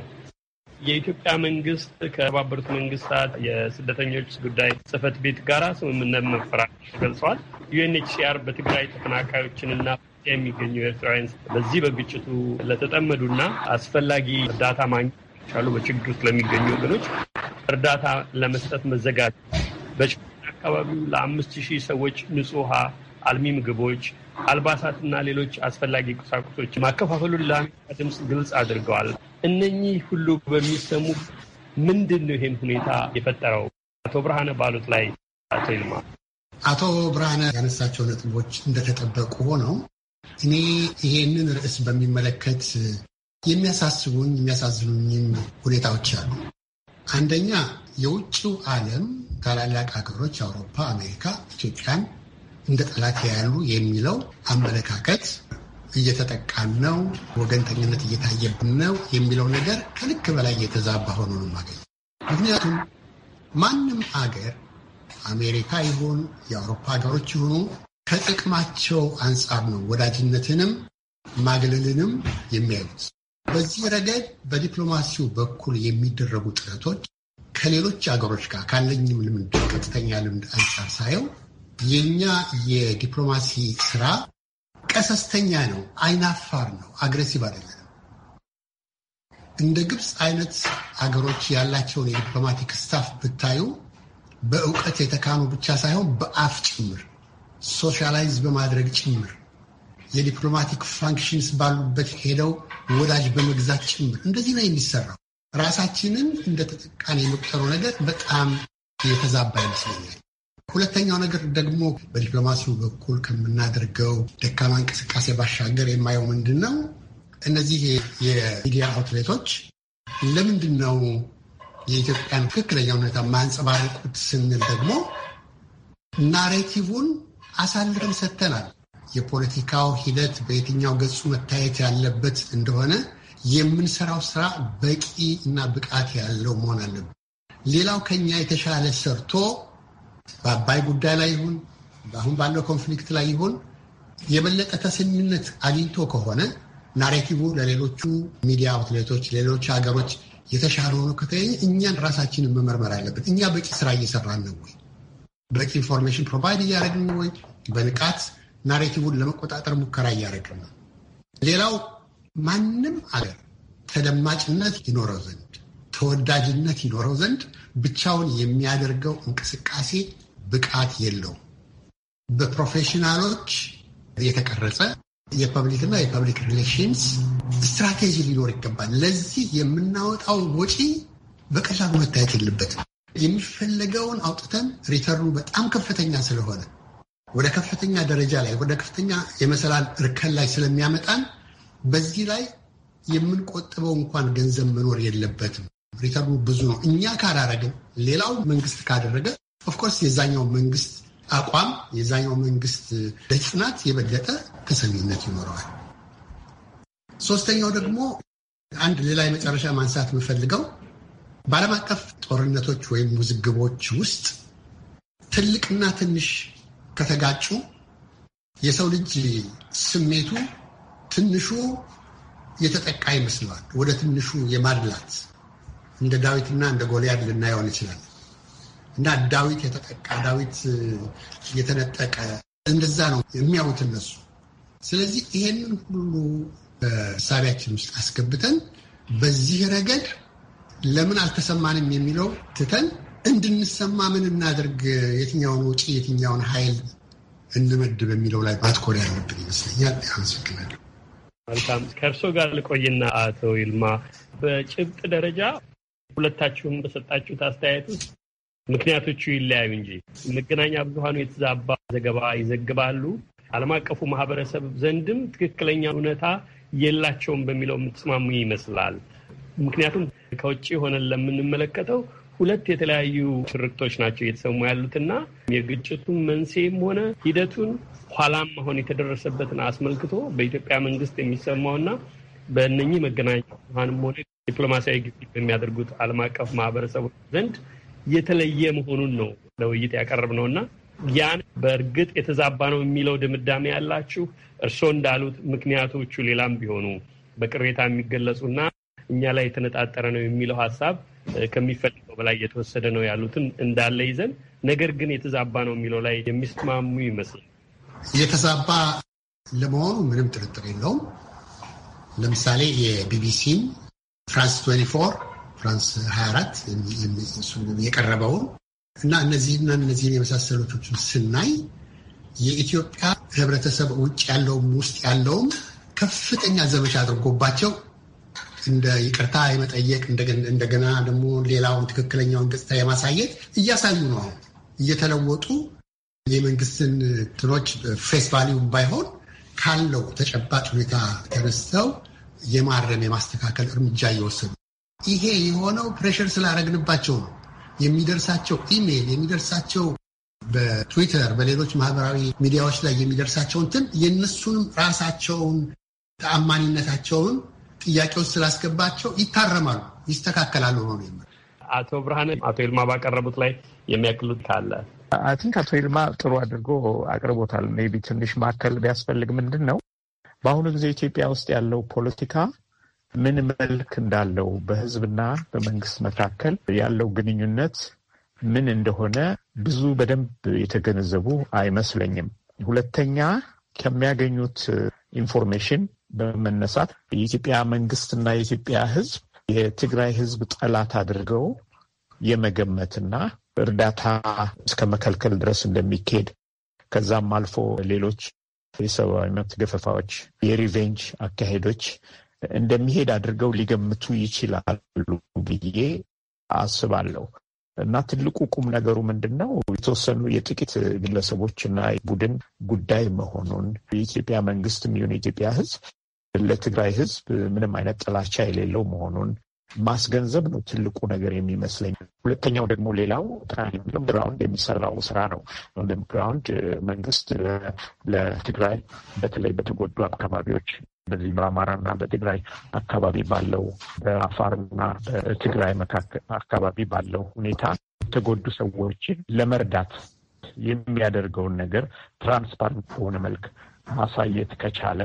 የኢትዮጵያ መንግስት ከተባበሩት መንግስታት የስደተኞች ጉዳይ ጽህፈት ቤት ጋር ስምምነት መፈራረሙ ገልጸዋል። ዩኤንኤችሲአር በትግራይ ተፈናቃዮችንና የሚገኙ ኤርትራውያን በዚህ በግጭቱ ለተጠመዱና አስፈላጊ እርዳታ ማግኘት ቻሉ በችግር ውስጥ ለሚገኙ ወገኖች እርዳታ ለመስጠት መዘጋት በችግር አካባቢው ለአምስት ሺህ ሰዎች ንጹህ ውሃ፣ አልሚ ምግቦች፣ አልባሳትና ሌሎች አስፈላጊ ቁሳቁሶች ማከፋፈሉን ለአሜሪካ ድምፅ ግልጽ አድርገዋል። እነኚህ ሁሉ በሚሰሙ ምንድን ነው ይህን ሁኔታ የፈጠረው? አቶ ብርሃነ ባሉት ላይ አቶ ይልማ አቶ ብርሃነ ያነሳቸው ነጥቦች እንደተጠበቁ ሆነው እኔ ይሄንን ርዕስ በሚመለከት የሚያሳስቡኝ የሚያሳዝኑኝም ሁኔታዎች አሉ። አንደኛ የውጭው ዓለም ታላላቅ ሀገሮች አውሮፓ፣ አሜሪካ ኢትዮጵያን እንደ ጠላት ያሉ የሚለው አመለካከት እየተጠቃን ነው፣ ወገንተኝነት እየታየብን ነው የሚለው ነገር ከልክ በላይ እየተዛባ ሆኖ ነው ማገኝ። ምክንያቱም ማንም አገር አሜሪካ ይሁን የአውሮፓ ሀገሮች ይሁኑ ከጥቅማቸው አንጻር ነው ወዳጅነትንም ማግለልንም የሚያዩት። በዚህ ረገድ በዲፕሎማሲው በኩል የሚደረጉ ጥረቶች ከሌሎች ሀገሮች ጋር ካለኝም ልምድ ቀጥተኛ ልምድ አንጻር ሳየው የእኛ የዲፕሎማሲ ስራ ቀሰስተኛ ነው፣ አይናፋር ነው፣ አግሬሲቭ አይደለም። እንደ ግብፅ አይነት አገሮች ያላቸውን የዲፕሎማቲክ ስታፍ ብታዩ በእውቀት የተካኑ ብቻ ሳይሆን በአፍ ጭምር ሶሻላይዝ በማድረግ ጭምር የዲፕሎማቲክ ፋንክሽንስ ባሉበት ሄደው ወዳጅ በመግዛት ጭምር እንደዚህ ነው የሚሰራው። ራሳችንን እንደ ተጠቃሚ የመቁጠሩ ነገር በጣም የተዛባ ይመስለኛል። ሁለተኛው ነገር ደግሞ በዲፕሎማሲው በኩል ከምናደርገው ደካማ እንቅስቃሴ ባሻገር የማየው ምንድን ነው፣ እነዚህ የሚዲያ አውትሌቶች ለምንድን ነው የኢትዮጵያን ትክክለኛ ሁኔታ ማንጸባረቁት ስንል ደግሞ ናሬቲቭን አሳልፈን ሰጥተናል። የፖለቲካው ሂደት በየትኛው ገጹ መታየት ያለበት እንደሆነ የምንሰራው ስራ በቂ እና ብቃት ያለው መሆን አለበት። ሌላው ከኛ የተሻለ ሰርቶ በአባይ ጉዳይ ላይ ይሁን አሁን ባለው ኮንፍሊክት ላይ ይሁን የበለጠ ተሰሚነት አግኝቶ ከሆነ ናሬቲቭ ለሌሎቹ ሚዲያ አውትሌቶች፣ ሌሎች ሀገሮች የተሻለ ሆኖ ከተገኘ እኛን ራሳችንን መመርመር አለብን። እኛ በቂ ስራ እየሰራን ነው ወይ? በቂ ኢንፎርሜሽን ፕሮቫይድ እያደረግን ወይ? በንቃት ናሬቲቡን ለመቆጣጠር ሙከራ እያደረግን ነው። ሌላው ማንም አገር ተደማጭነት ይኖረው ዘንድ ተወዳጅነት ይኖረው ዘንድ ብቻውን የሚያደርገው እንቅስቃሴ ብቃት የለውም። በፕሮፌሽናሎች የተቀረጸ የፐብሊክና የፐብሊክ ሪሌሽንስ ስትራቴጂ ሊኖር ይገባል። ለዚህ የምናወጣው ወጪ በቀላሉ መታየት የለበትም። የሚፈለገውን አውጥተን ሪተርኑ በጣም ከፍተኛ ስለሆነ ወደ ከፍተኛ ደረጃ ላይ ወደ ከፍተኛ የመሰላል እርከን ላይ ስለሚያመጣን በዚህ ላይ የምንቆጥበው እንኳን ገንዘብ መኖር የለበትም። ሪተርኑ ብዙ ነው። እኛ ካላረግን ሌላው መንግስት ካደረገ ኦፍኮርስ የዛኛው መንግስት አቋም የዛኛው መንግስት ለጽናት የበለጠ ተሰሚነት ይኖረዋል። ሶስተኛው ደግሞ አንድ ሌላ የመጨረሻ ማንሳት የምፈልገው በዓለም አቀፍ ጦርነቶች ወይም ውዝግቦች ውስጥ ትልቅና ትንሽ ከተጋጩ የሰው ልጅ ስሜቱ ትንሹ የተጠቃ ይመስለዋል። ወደ ትንሹ የማድላት እንደ ዳዊትና እንደ ጎልያድ ልናየውን ይችላል። እና ዳዊት የተጠቃ ዳዊት የተነጠቀ እንደዛ ነው የሚያዩት እነሱ። ስለዚህ ይሄንን ሁሉ ሳቢያችን ውስጥ አስገብተን በዚህ ረገድ ለምን አልተሰማንም የሚለው ትተን እንድንሰማ ምን እናደርግ፣ የትኛውን ውጪ የትኛውን ኃይል እንመድ በሚለው ላይ ማትኮር ያለብን ይመስለኛል። አመሰግናለሁ። መልካም ከእርሶ ጋር ልቆይና አቶ ይልማ በጭብጥ ደረጃ ሁለታችሁም በሰጣችሁት አስተያየት ውስጥ ምክንያቶቹ ይለያዩ እንጂ መገናኛ ብዙሀኑ የተዛባ ዘገባ ይዘግባሉ፣ ዓለም አቀፉ ማህበረሰብ ዘንድም ትክክለኛ እውነታ የላቸውም በሚለው የምትስማሙ ይመስላል። ምክንያቱም ከውጭ ሆነን ለምንመለከተው ሁለት የተለያዩ ትርክቶች ናቸው እየተሰሙ ያሉትና የግጭቱን መንስኤም ሆነ ሂደቱን ኋላም አሁን የተደረሰበትን አስመልክቶ በኢትዮጵያ መንግስት የሚሰማውና በእነኚህ መገናኛ ብዙሃንም ሆነ ዲፕሎማሲያዊ ግፊት በሚያደርጉት ዓለም አቀፍ ማህበረሰቦች ዘንድ የተለየ መሆኑን ነው ለውይይት ነው እና ያን በእርግጥ የተዛባ ነው የሚለው ድምዳሜ ያላችሁ እርስዎ እንዳሉት ምክንያቶቹ ሌላም ቢሆኑ በቅሬታ የሚገለጹና እኛ ላይ የተነጣጠረ ነው የሚለው ሀሳብ ከሚፈልገው በላይ እየተወሰደ ነው ያሉትን እንዳለ ይዘን ነገር ግን የተዛባ ነው የሚለው ላይ የሚስማሙ ይመስላል። የተዛባ ለመሆኑ ምንም ጥርጥር የለውም። ለምሳሌ የቢቢሲን ፍራንስ 24 ፍራንስ 24 የቀረበውን እና እነዚህና እነዚህን የመሳሰሉቶችን ስናይ የኢትዮጵያ ህብረተሰብ ውጭ ያለውም ውስጥ ያለውም ከፍተኛ ዘመቻ አድርጎባቸው እንደ ይቅርታ የመጠየቅ እንደገና ደግሞ ሌላውን ትክክለኛውን ገጽታ የማሳየት እያሳዩ ነው። አሁን እየተለወጡ የመንግስትን ትኖች ፌስ ቫሊዩ ባይሆን ካለው ተጨባጭ ሁኔታ ተነስተው የማረም የማስተካከል እርምጃ እየወሰዱ ይሄ የሆነው ፕሬሽር ስላደረግንባቸው ነው። የሚደርሳቸው ኢሜይል የሚደርሳቸው በትዊተር በሌሎች ማህበራዊ ሚዲያዎች ላይ የሚደርሳቸውን እንትን የእነሱንም ራሳቸውን ተአማኒነታቸውን ጥያቄ ስላስገባቸው ይታረማሉ፣ ይስተካከላሉ ነው ነው። አቶ ብርሃን አቶ ይልማ ባቀረቡት ላይ የሚያክሉት ካለ አይ ቲንክ አቶ ይልማ ጥሩ አድርጎ አቅርቦታል። ቢ ትንሽ ማከል ቢያስፈልግ ምንድን ነው በአሁኑ ጊዜ ኢትዮጵያ ውስጥ ያለው ፖለቲካ ምን መልክ እንዳለው በህዝብና በመንግስት መካከል ያለው ግንኙነት ምን እንደሆነ ብዙ በደንብ የተገነዘቡ አይመስለኝም። ሁለተኛ ከሚያገኙት ኢንፎርሜሽን በመነሳት የኢትዮጵያ መንግስትና የኢትዮጵያ ህዝብ የትግራይ ህዝብ ጠላት አድርገው የመገመትና እርዳታ እስከ መከልከል ድረስ እንደሚካሄድ ከዛም አልፎ ሌሎች የሰብአዊ መብት ገፈፋዎች፣ የሪቬንጅ አካሄዶች እንደሚሄድ አድርገው ሊገምቱ ይችላሉ ብዬ አስባለሁ። እና ትልቁ ቁም ነገሩ ምንድን ነው? የተወሰኑ የጥቂት ግለሰቦችና ቡድን ጉዳይ መሆኑን የኢትዮጵያ መንግስትም ይሁን የኢትዮጵያ ህዝብ ለትግራይ ህዝብ ምንም አይነት ጥላቻ የሌለው መሆኑን ማስገንዘብ ነው ትልቁ ነገር የሚመስለኝ። ሁለተኛው ደግሞ ሌላው ግራውንድ የሚሰራው ስራ ነው። ግራውንድ መንግስት ለትግራይ በተለይ በተጎዱ አካባቢዎች በዚህ በአማራና በትግራይ አካባቢ ባለው በአፋርና በትግራይ መካከል አካባቢ ባለው ሁኔታ የተጎዱ ሰዎችን ለመርዳት የሚያደርገውን ነገር ትራንስፓረንት በሆነ መልክ ማሳየት ከቻለ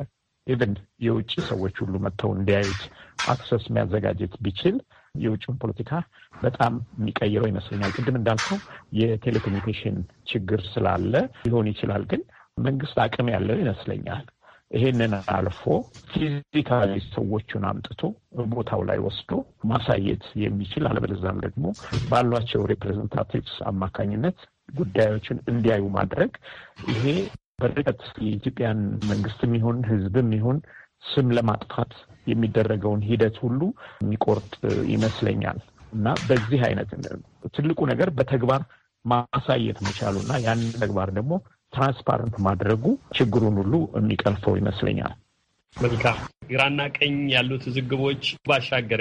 ኢቨን የውጭ ሰዎች ሁሉ መጥተው እንዲያዩት አክሰስ የሚያዘጋጀት ቢችል የውጭውን ፖለቲካ በጣም የሚቀይረው ይመስለኛል። ቅድም እንዳልከው የቴሌኮሙኒኬሽን ችግር ስላለ ሊሆን ይችላል፣ ግን መንግስት አቅም ያለው ይመስለኛል ይሄንን አልፎ ፊዚካሊ ሰዎቹን አምጥቶ ቦታው ላይ ወስዶ ማሳየት የሚችል አለበለዛም ደግሞ ባሏቸው ሪፕሬዘንታቲቭስ አማካኝነት ጉዳዮችን እንዲያዩ ማድረግ ይሄ በርቀት የኢትዮጵያን መንግስትም ይሁን ህዝብም ይሁን ስም ለማጥፋት የሚደረገውን ሂደት ሁሉ የሚቆርጥ ይመስለኛል እና በዚህ አይነት ትልቁ ነገር በተግባር ማሳየት መቻሉ እና ያንን ተግባር ደግሞ ትራንስፓረንት ማድረጉ ችግሩን ሁሉ የሚቀርፈው ይመስለኛል። መልካም ግራና ቀኝ ያሉት ዝግቦች ባሻገር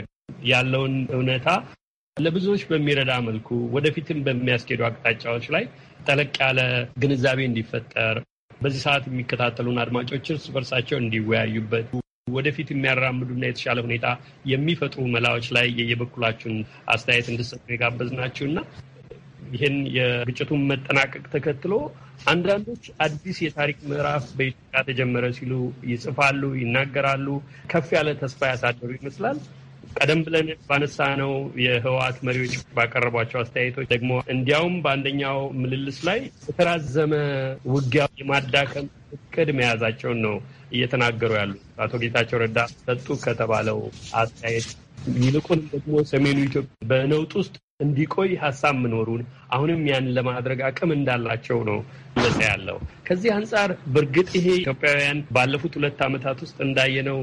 ያለውን እውነታ ለብዙዎች በሚረዳ መልኩ ወደፊትም በሚያስኬዱ አቅጣጫዎች ላይ ጠለቅ ያለ ግንዛቤ እንዲፈጠር በዚህ ሰዓት የሚከታተሉን አድማጮች እርስ በርሳቸው እንዲወያዩበት ወደፊት የሚያራምዱና የተሻለ ሁኔታ የሚፈጥሩ መላዎች ላይ የየበኩላችሁን አስተያየት እንድሰጡ የጋበዝናችሁና ይህን የግጭቱን መጠናቀቅ ተከትሎ አንዳንዶች አዲስ የታሪክ ምዕራፍ በኢትዮጵያ ተጀመረ ሲሉ ይጽፋሉ፣ ይናገራሉ። ከፍ ያለ ተስፋ ያሳደሩ ይመስላል። ቀደም ብለን ባነሳ ነው የህወሓት መሪዎች ባቀረቧቸው አስተያየቶች ደግሞ እንዲያውም በአንደኛው ምልልስ ላይ የተራዘመ ውጊያ የማዳከም እቅድ መያዛቸውን ነው እየተናገሩ ያሉ አቶ ጌታቸው ረዳ ሰጡ ከተባለው አስተያየት ይልቁንም ደግሞ ሰሜኑ ኢትዮጵያ በነውጥ ውስጥ እንዲቆይ ሀሳብ መኖሩን አሁንም ያን ለማድረግ አቅም እንዳላቸው ነው ለጸ ያለው። ከዚህ አንጻር በእርግጥ ይሄ ኢትዮጵያውያን ባለፉት ሁለት ዓመታት ውስጥ እንዳየነው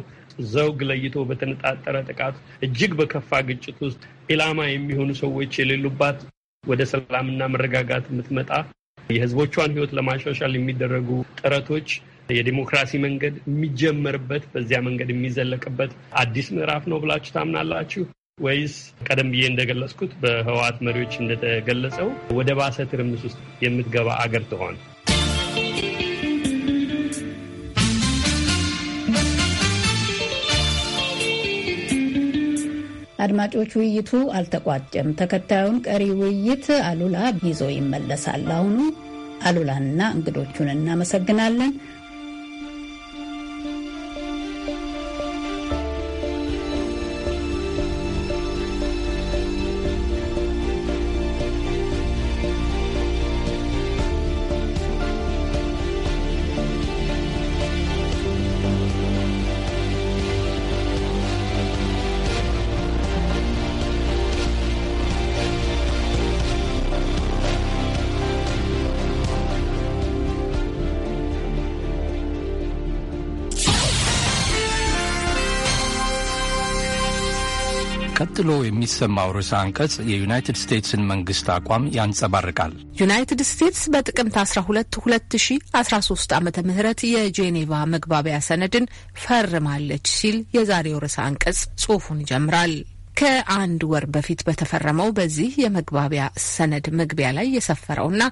ዘውግ ለይቶ በተነጣጠረ ጥቃት እጅግ በከፋ ግጭት ውስጥ ኢላማ የሚሆኑ ሰዎች የሌሉባት ወደ ሰላምና መረጋጋት የምትመጣ የህዝቦቿን ህይወት ለማሻሻል የሚደረጉ ጥረቶች የዲሞክራሲ መንገድ የሚጀመርበት በዚያ መንገድ የሚዘለቅበት አዲስ ምዕራፍ ነው ብላችሁ ታምናላችሁ ወይስ ቀደም ብዬ እንደገለጽኩት በህወሓት መሪዎች እንደተገለጸው ወደ ባሰ ትርምስ ውስጥ የምትገባ አገር ትሆን? አድማጮች፣ ውይይቱ አልተቋጨም። ተከታዩን ቀሪ ውይይት አሉላ ይዞ ይመለሳል። አሁኑ አሉላንና እንግዶቹን እናመሰግናለን። ቀጥሎ የሚሰማው ርዕሰ አንቀጽ የዩናይትድ ስቴትስን መንግስት አቋም ያንጸባርቃል። ዩናይትድ ስቴትስ በጥቅምት 12 2013 ዓ ም የጄኔቫ መግባቢያ ሰነድን ፈርማለች ሲል የዛሬው ርዕሰ አንቀጽ ጽሑፉን ይጀምራል። ከአንድ ወር በፊት በተፈረመው በዚህ የመግባቢያ ሰነድ መግቢያ ላይ የሰፈረውና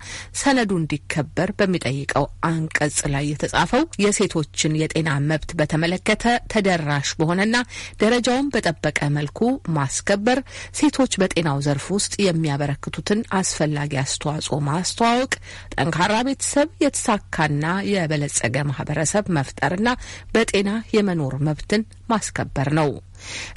ሰነዱ እንዲከበር በሚጠይቀው አንቀጽ ላይ የተጻፈው የሴቶችን የጤና መብት በተመለከተ ተደራሽ በሆነና ደረጃውን በጠበቀ መልኩ ማስከበር፣ ሴቶች በጤናው ዘርፍ ውስጥ የሚያበረክቱትን አስፈላጊ አስተዋጽኦ ማስተዋወቅ፣ ጠንካራ ቤተሰብ፣ የተሳካና የበለጸገ ማህበረሰብ መፍጠርና በጤና የመኖር መብትን ማስከበር ነው።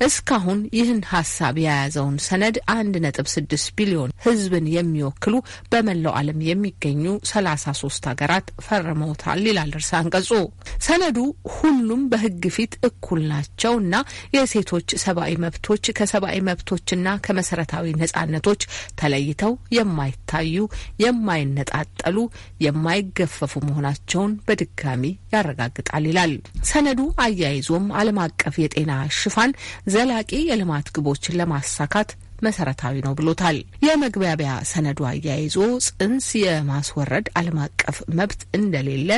እስካሁን ይህን ሀሳብ የያዘውን ሰነድ አንድ ነጥብ ስድስት ቢሊዮን ህዝብን የሚወክሉ በመላው ዓለም የሚገኙ ሰላሳ ሶስት ሀገራት ፈርመውታል ይላል እርስ አንቀጹ። ሰነዱ ሁሉም በህግ ፊት እኩል ናቸው እና የሴቶች ሰብአዊ መብቶች ከሰብአዊ መብቶችና ከመሰረታዊ ነጻነቶች ተለይተው የማይታዩ የማይነጣጠሉ የማይገፈፉ መሆናቸውን በድጋሚ ያረጋግጣል ይላል ሰነዱ። አያይዞም ዓለም አቀፍ የጤና ሽፋን ዘላቂ የልማት ግቦችን ለማሳካት መሰረታዊ ነው ብሎታል። የመግባቢያ ሰነዱ አያይዞ ጽንስ የማስወረድ ዓለም አቀፍ መብት እንደሌለ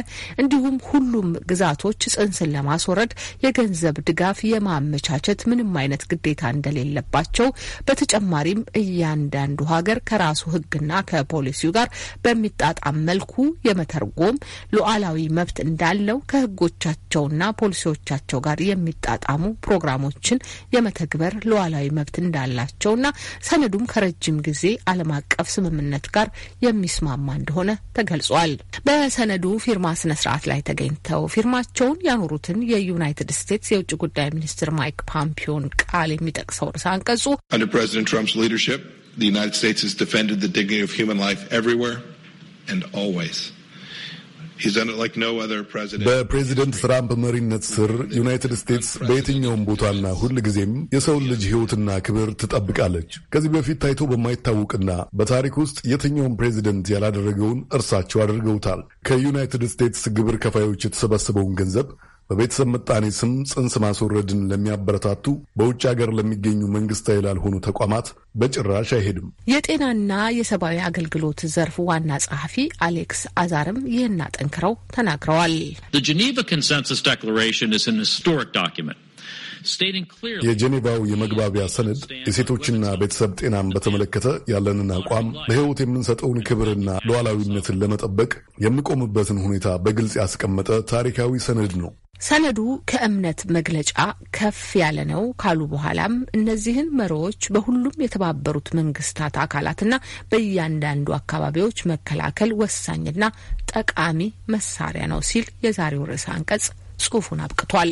እንዲሁም ሁሉም ግዛቶች ጽንስን ለማስወረድ የገንዘብ ድጋፍ የማመቻቸት ምንም አይነት ግዴታ እንደሌለባቸው፣ በተጨማሪም እያንዳንዱ ሀገር ከራሱ ሕግና ከፖሊሲው ጋር በሚጣጣም መልኩ የመተርጎም ሉዓላዊ መብት እንዳለው ከሕጎቻቸውና ፖሊሲዎቻቸው ጋር የሚጣጣሙ ፕሮግራሞችን የመተግበር ሉዓላዊ መብት እንዳላቸውና እንደሆነና ሰነዱም ከረጅም ጊዜ ዓለም አቀፍ ስምምነት ጋር የሚስማማ እንደሆነ ተገልጿል። በሰነዱ ፊርማ ስነ ስርዓት ላይ ተገኝተው ፊርማቸውን ያኖሩትን የዩናይትድ ስቴትስ የውጭ ጉዳይ ሚኒስትር ማይክ ፖምፒዮን ቃል የሚጠቅሰው ርዕሰ አንቀጹ The United States has defended the dignity of human life everywhere and always. በፕሬዚደንት ትራምፕ መሪነት ስር ዩናይትድ ስቴትስ በየትኛውም ቦታና ሁል ጊዜም የሰውን ልጅ ሕይወትና ክብር ትጠብቃለች። ከዚህ በፊት ታይቶ በማይታወቅና በታሪክ ውስጥ የትኛውም ፕሬዚደንት ያላደረገውን እርሳቸው አድርገውታል። ከዩናይትድ ስቴትስ ግብር ከፋዮች የተሰበሰበውን ገንዘብ በቤተሰብ ምጣኔ ስም ጽንስ ማስወረድን ለሚያበረታቱ በውጭ ሀገር ለሚገኙ መንግስታዊ ላልሆኑ ተቋማት በጭራሽ አይሄድም። የጤናና የሰብአዊ አገልግሎት ዘርፍ ዋና ጸሐፊ አሌክስ አዛርም ይህን አጠንክረው ተናግረዋል። የጄኔቫው የመግባቢያ ሰነድ የሴቶችና ቤተሰብ ጤናን በተመለከተ ያለንን አቋም ለሕይወት የምንሰጠውን ክብርና ሉዓላዊነትን ለመጠበቅ የሚቆምበትን ሁኔታ በግልጽ ያስቀመጠ ታሪካዊ ሰነድ ነው። ሰነዱ ከእምነት መግለጫ ከፍ ያለ ነው ካሉ በኋላም እነዚህን መሪዎች በሁሉም የተባበሩት መንግስታት አካላትና በእያንዳንዱ አካባቢዎች መከላከል ወሳኝና ጠቃሚ መሳሪያ ነው ሲል የዛሬው ርዕሰ አንቀጽ ጽሑፉን አብቅቷል።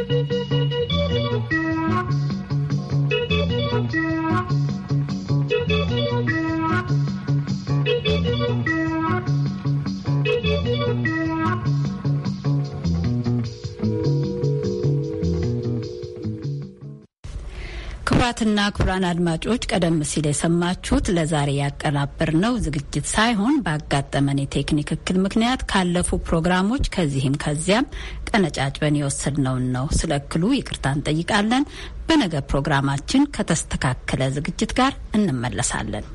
ክቡራትና ክቡራን አድማጮች ቀደም ሲል የሰማችሁት ለዛሬ ነው ዝግጅት ሳይሆን ባጋጠመን የቴክኒክ እክል ምክንያት ካለፉ ፕሮግራሞች ከዚህም ከዚያም ቀነጫጭበን የወሰድነውን ነው። ስለ እክሉ ይቅርታ እንጠይቃለን። በነገ ፕሮግራማችን ከተስተካከለ ዝግጅት ጋር እንመለሳለን።